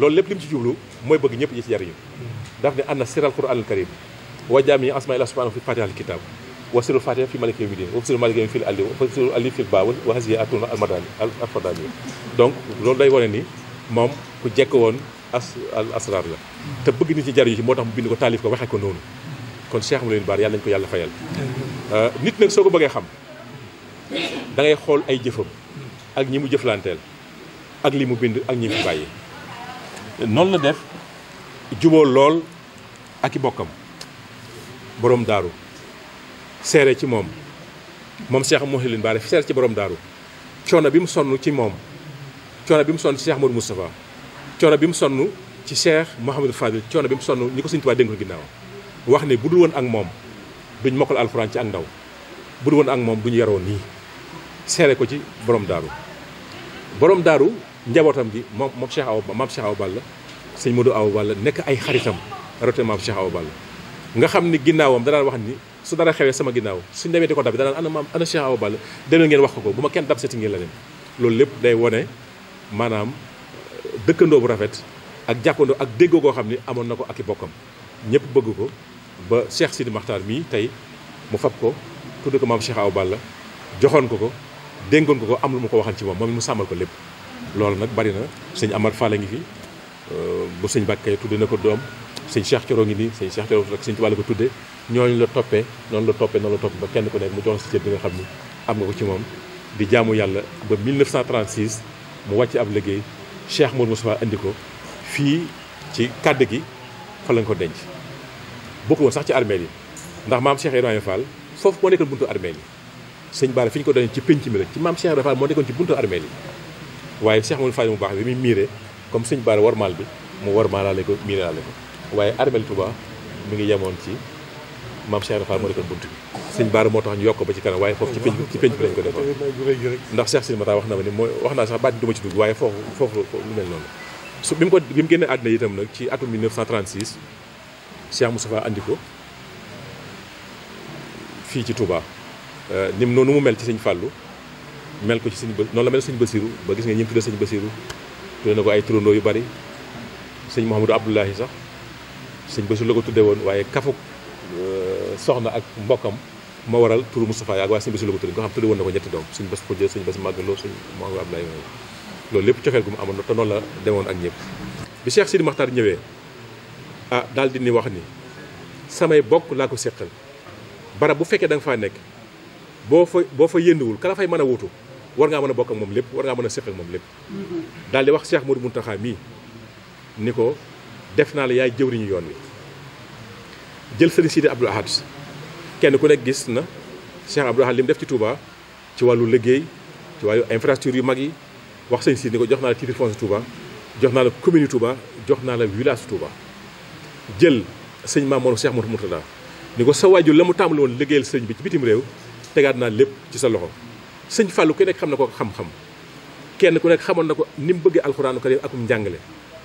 loolu lépp li mu ci jublu mooy bëgg ñëpp ñi ci jariñu daf ne anna siral quran al karim wa jaami asma ila subhanahu fi fatiha al kitab wa sirul fatiha fi malik yawmi din wa sirul malik yawmi fil ali wa sirul ali fil bawul wa haasi hiya atuna al madani al fardaniya donc loolu day wane ni moom ku jekk woon as al asrar la te bëgg nit ñi jariñu ci moo tax mu bind ko taalif ko waxee ko kon Cheikh Moulayne Bara yàlla ko yàlla fayal euh, nit nag soo ko bëggee xam dangay xool ay jëfam ak ñi mu jëflanteel ak li mu bind ak ñi mu bàyyi noonu la def juboo lool ak i bokkam borom daaru seere ci moom moom Cheikh Mouhilin Bara seere ci borom daaru coono bi mu sonn ci moom coono bi mu sonn ci Cheikh Modou Moustapha coono bi mu sonn ci Cheikh Mouhamadou Fadil coono bi mu sonn ñi ko Sëñ Tuubaa dénk ko ginnaaw wax ne bu dul woon ak moom duñ mokkal alxuraan ci ak ndaw bu dul woon ak moom duñ yaroo nii seere ko ci borom daaru borom daaru njabootam gi moom moom Cheikh Awa maam Cheikh Awa Balla sëñ Modou Awa Balla nekk ay xaritam rote maam Cheikh Awa nga xam ni ginnaawam danaan wax ni su dara xewee sama ginnaaw suñ demee di ko dab danaan ana maam ana Cheikh Awa Balla ngeen wax ko ko bu ma kenn dab seeti ngeen la loolu lépp day wone maanaam euh, dëkkandoo bu rafet ak jàppandoo ak déggoo goo xam ni amoon na ko ak i bokkam ñëpp bëgg ko ba Cheikh Sidi Makhtar mii tey mu fab ko tudd ko maam Cheikh Awa Balla joxoon ko ko dénkoon ko ko am lu ma ko waxal ci moom moom mu sàmmal ko lépp loolu nag barina na sëñ Amar Fall a ngi fi euh, bu sëñ Bakkay tudde na ko doom sëñ Cheikh Coro ngi nii sëñ Cheikh Coro rek sëñ Tuubaa la ko tudde ñooñu la toppee noonu la toppee noonu la toppee ba kenn ku nekk mu jox si cër bi nga xam ni am nga ko ci moom di jaamu yàlla ba 1936 mu wàcc ab liggéey Cheikh Mourou Moustapha indi ko fii ci kàdd gi fa lañ ko denc bokk woon sax ci armée yi ndax maam Cheikh Ibrahima Fall foofu moo nekkoon buntu armée yi sëñ Bara fi ñu ko doon ci pénc mi rek ci maam Cheikh Rafaal moo nekkoon ci buntu armée li waaye Cheikh Mouhamed Fadil mu baax bi muy miiree comme sëñ Bara warmaal bi mu warmaalaale ko miiraale ko waaye armée li Touba mi ngi yemoon ci maam Cheikh Rafaal moo nekkoon bunt bi. sëñ moo tax ñu yokk ba ci kanam waaye foofu ci pénc ci pénc bi lañ ko defoon ndax Cheikh Sidi Mata wax na ma ni mooy wax naa sax baat duma ci dugg waaye foofu foofu lu mel noonu. su bi mu ko bi mu génnee àddina itam nag ci atum 1936 Cheikh Moustapha andi ko fii ci tubaa Euh, nim noonu mu mel ci sëñ Fallou mel ko ci sëñ noonu la mel sëñ Basiru ba gis nga ñi mu tuddee sëñ Basiru tuddee na ko ay turandoo yu bari sëñ Mouhamadou Abdoulahi sax sëñ Basiru la tuddee woon waaye kafuk euh, soxna ak mbokkam moo waral turu Moustapha yaag waaye sëñ Basiru la ko tuddee nga xam tuddee woon na ko ñetti doom sëñ Bas ko jël sëñ Bas màggaloo sëñ Mouhamadou Abdoulahi loolu lépp cofeel gu mu amoon te noonu la demoon ak ñëpp bi Cheikh Sidi Makhtar ñëwee ah daal di ni wax ni samay bokk laa ko séqal barab bu fekkee da nga faa nekk boo fa boo fa yënduwul kala fay mën a wutu war ngaa mën a bokk ak moom lépp war ngaa mën a séq ak moom lépp daal di wax seex Modou Mountakha mii ni ko def naa la yaay jëwriñu yoon wi jël sëriñ Sidi ku nekk gis na Cheikh Abdou Ahad li mu def ci Touba ci wàllu liggéey ci wàllu infrastructure yu mag yi wax sëñ Sidi ni ko jox naa la titre foncier Touba jox naa la commune Touba jox naa la village Touba jël sëñ Mamour seex Modou Mountakha ni ko sa waajur la mu tàmbali woon liggéeyal sëñ bi ci bitim réew tegaat naa lépp ci sa loxo sëñ Fallou ku nekk xam na ko xam-xam kenn ku nekk xamoon na ko ni mu bëggee alxuraanu karim akum njàngale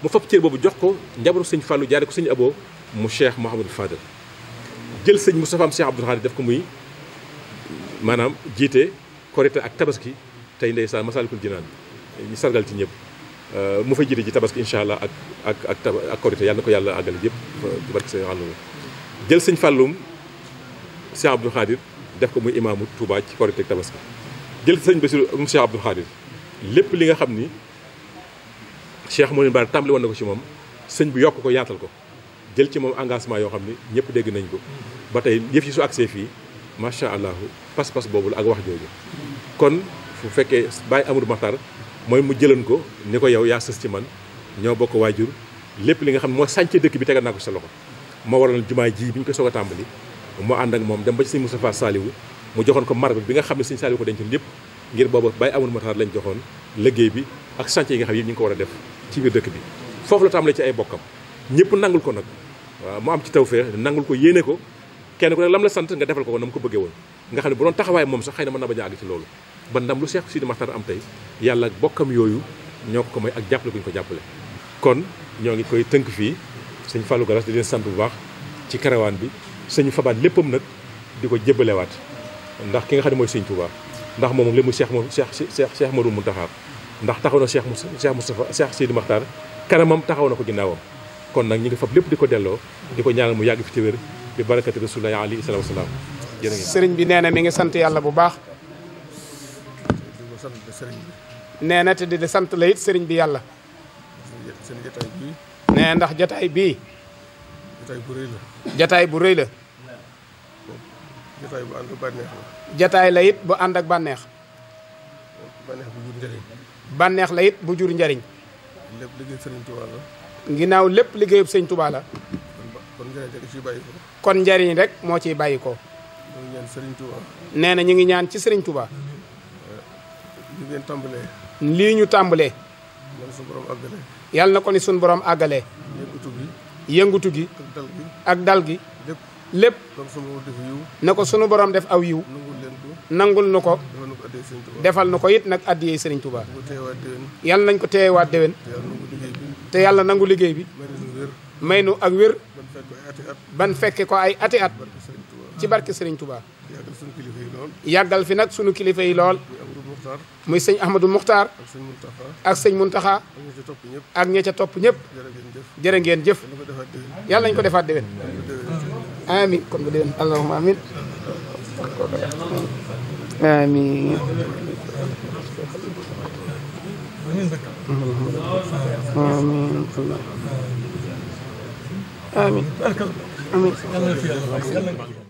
mu fab cër boobu jox ko njabootu sëñ fàllu jaare ko sëñ aboo mu Cheikh Mouhamadou Fadel jël sëñ Moustapha am Cheikh Abdoul Khadir def ko muy maanaam jiite korite ak tabaski tey ndeysaan Masaalikul Jinaan ñu sargal ci ñëpp euh, mu fay jiite ji tabaski incha allah ak ak ak ak korite yàlla ko yàlla àggale yëpp barke sëñ Fallou jël sëñ Falloum def ko muy imaamu Touba ci Korite Tabaski jël sëñ Bassirou monsieur Abdou Khadir lépp li nga xam ni Cheikh Mouhamadou Bara tàmbali woon na ko ci moom sëñ bi yokk ko yaatal ko jël ci moom engagement yoo xam ni ñëpp dégg nañ ko ba tey yëf yi su agsee fii macha allah pas-pas boobu la ak wax jooju kon fu fekkee bàyyi Amadou Makhtar mooy mu jëlan ko ni ko yow yaa sës ci man ñoo bokk waajur lépp li nga xam ne moo sànce dëkk bi tegal naa ko sa loxo moo waral jumaa ji bi ko soog a tàmbali moo ànd ak moom dem ba ci sëñ Moustapha Saliou mu joxoon ko marbre bi nga xam ne sëñ Saliou ko dencoon yëpp ngir booba bàyyi amul mataar lañ joxoon liggéey bi ak chantier yi nga xam yëpp ñu ngi ko war a def ci biir dëkk bi foofu la tàmbalee ci ay bokkam ñëpp nangul ko nag waaw mu am ci tawfeex nangul ko yéene ko kenn ko ne lam la sant nga defal ko ko na mu ko bëggee woon nga xam ne bu doon taxawaay moom sax xëy na mën na bañ a àgg ci loolu ba ndam lu Cheikh Sidi am yooyu ñoo ko ko may ak jàppale gu ko jàppale kon ñoo ngi koy tënk fii sëñ Fallou Gallas di leen sant bu baax ci karawaan bi sëñ fabaat léppam nag di ko jébbalewaat ndax ki nga xam ne mooy sëñ Touba ndax moom li mu seex moom seex seex seex Madu Muntaxa ndax taxaw na seex seex Moustapha seex Sidi Maxtaar kanamam taxaw na ko ginnaawam kon nag ñu ngi fab lépp di ko delloo di ko ñaanal mu yàgg fi ci wér bi barakati rasulullahi alayhi salaatu wasalaam sëriñ bi nee na mi ngi sant yàlla bu baax nee na te di sant la it sëriñ bi yàlla nee ndax jotaay bii jataay bu rëy jataay bu rëy la. ànd ak bànneex la. it bu ànd ak bànneex. bànneex jur njëriñ. bànneex la it bu jur njariñ lépp liggéey sëriñ Tuubaa la. lépp liggéeyub sëriñ Tuubaa la. kon njariñ rek rek moo ciy bàyyi ko. ñu ngi ñaan nee na ñu ngi ñaan ci sëriñ Tuubaa. li ngeen lii ñu tàmbalee. yal na ko ni sunu borom àggalee. yëngutu gi ak dal gi lépp ne ko sunu borom def aw yiw nangul nu ko defal nu ko it nag addiyee sëriñ Touba yàlla nañ ko teewaat déwén te yàlla nangu liggéey bi may nu ak wér ban fekkee ko ay ati at ci barke sëriñ Touba yàggal fi nag sunu kilifa yi lool Muxtaar muy sëñ Ahmadou Muxtaar ak sëñ Muntaxa ak ña ca topp ñëpp jërë ngeen jëf yàlla nañ ko defaat déwén amin kon bu déwén allahumma amin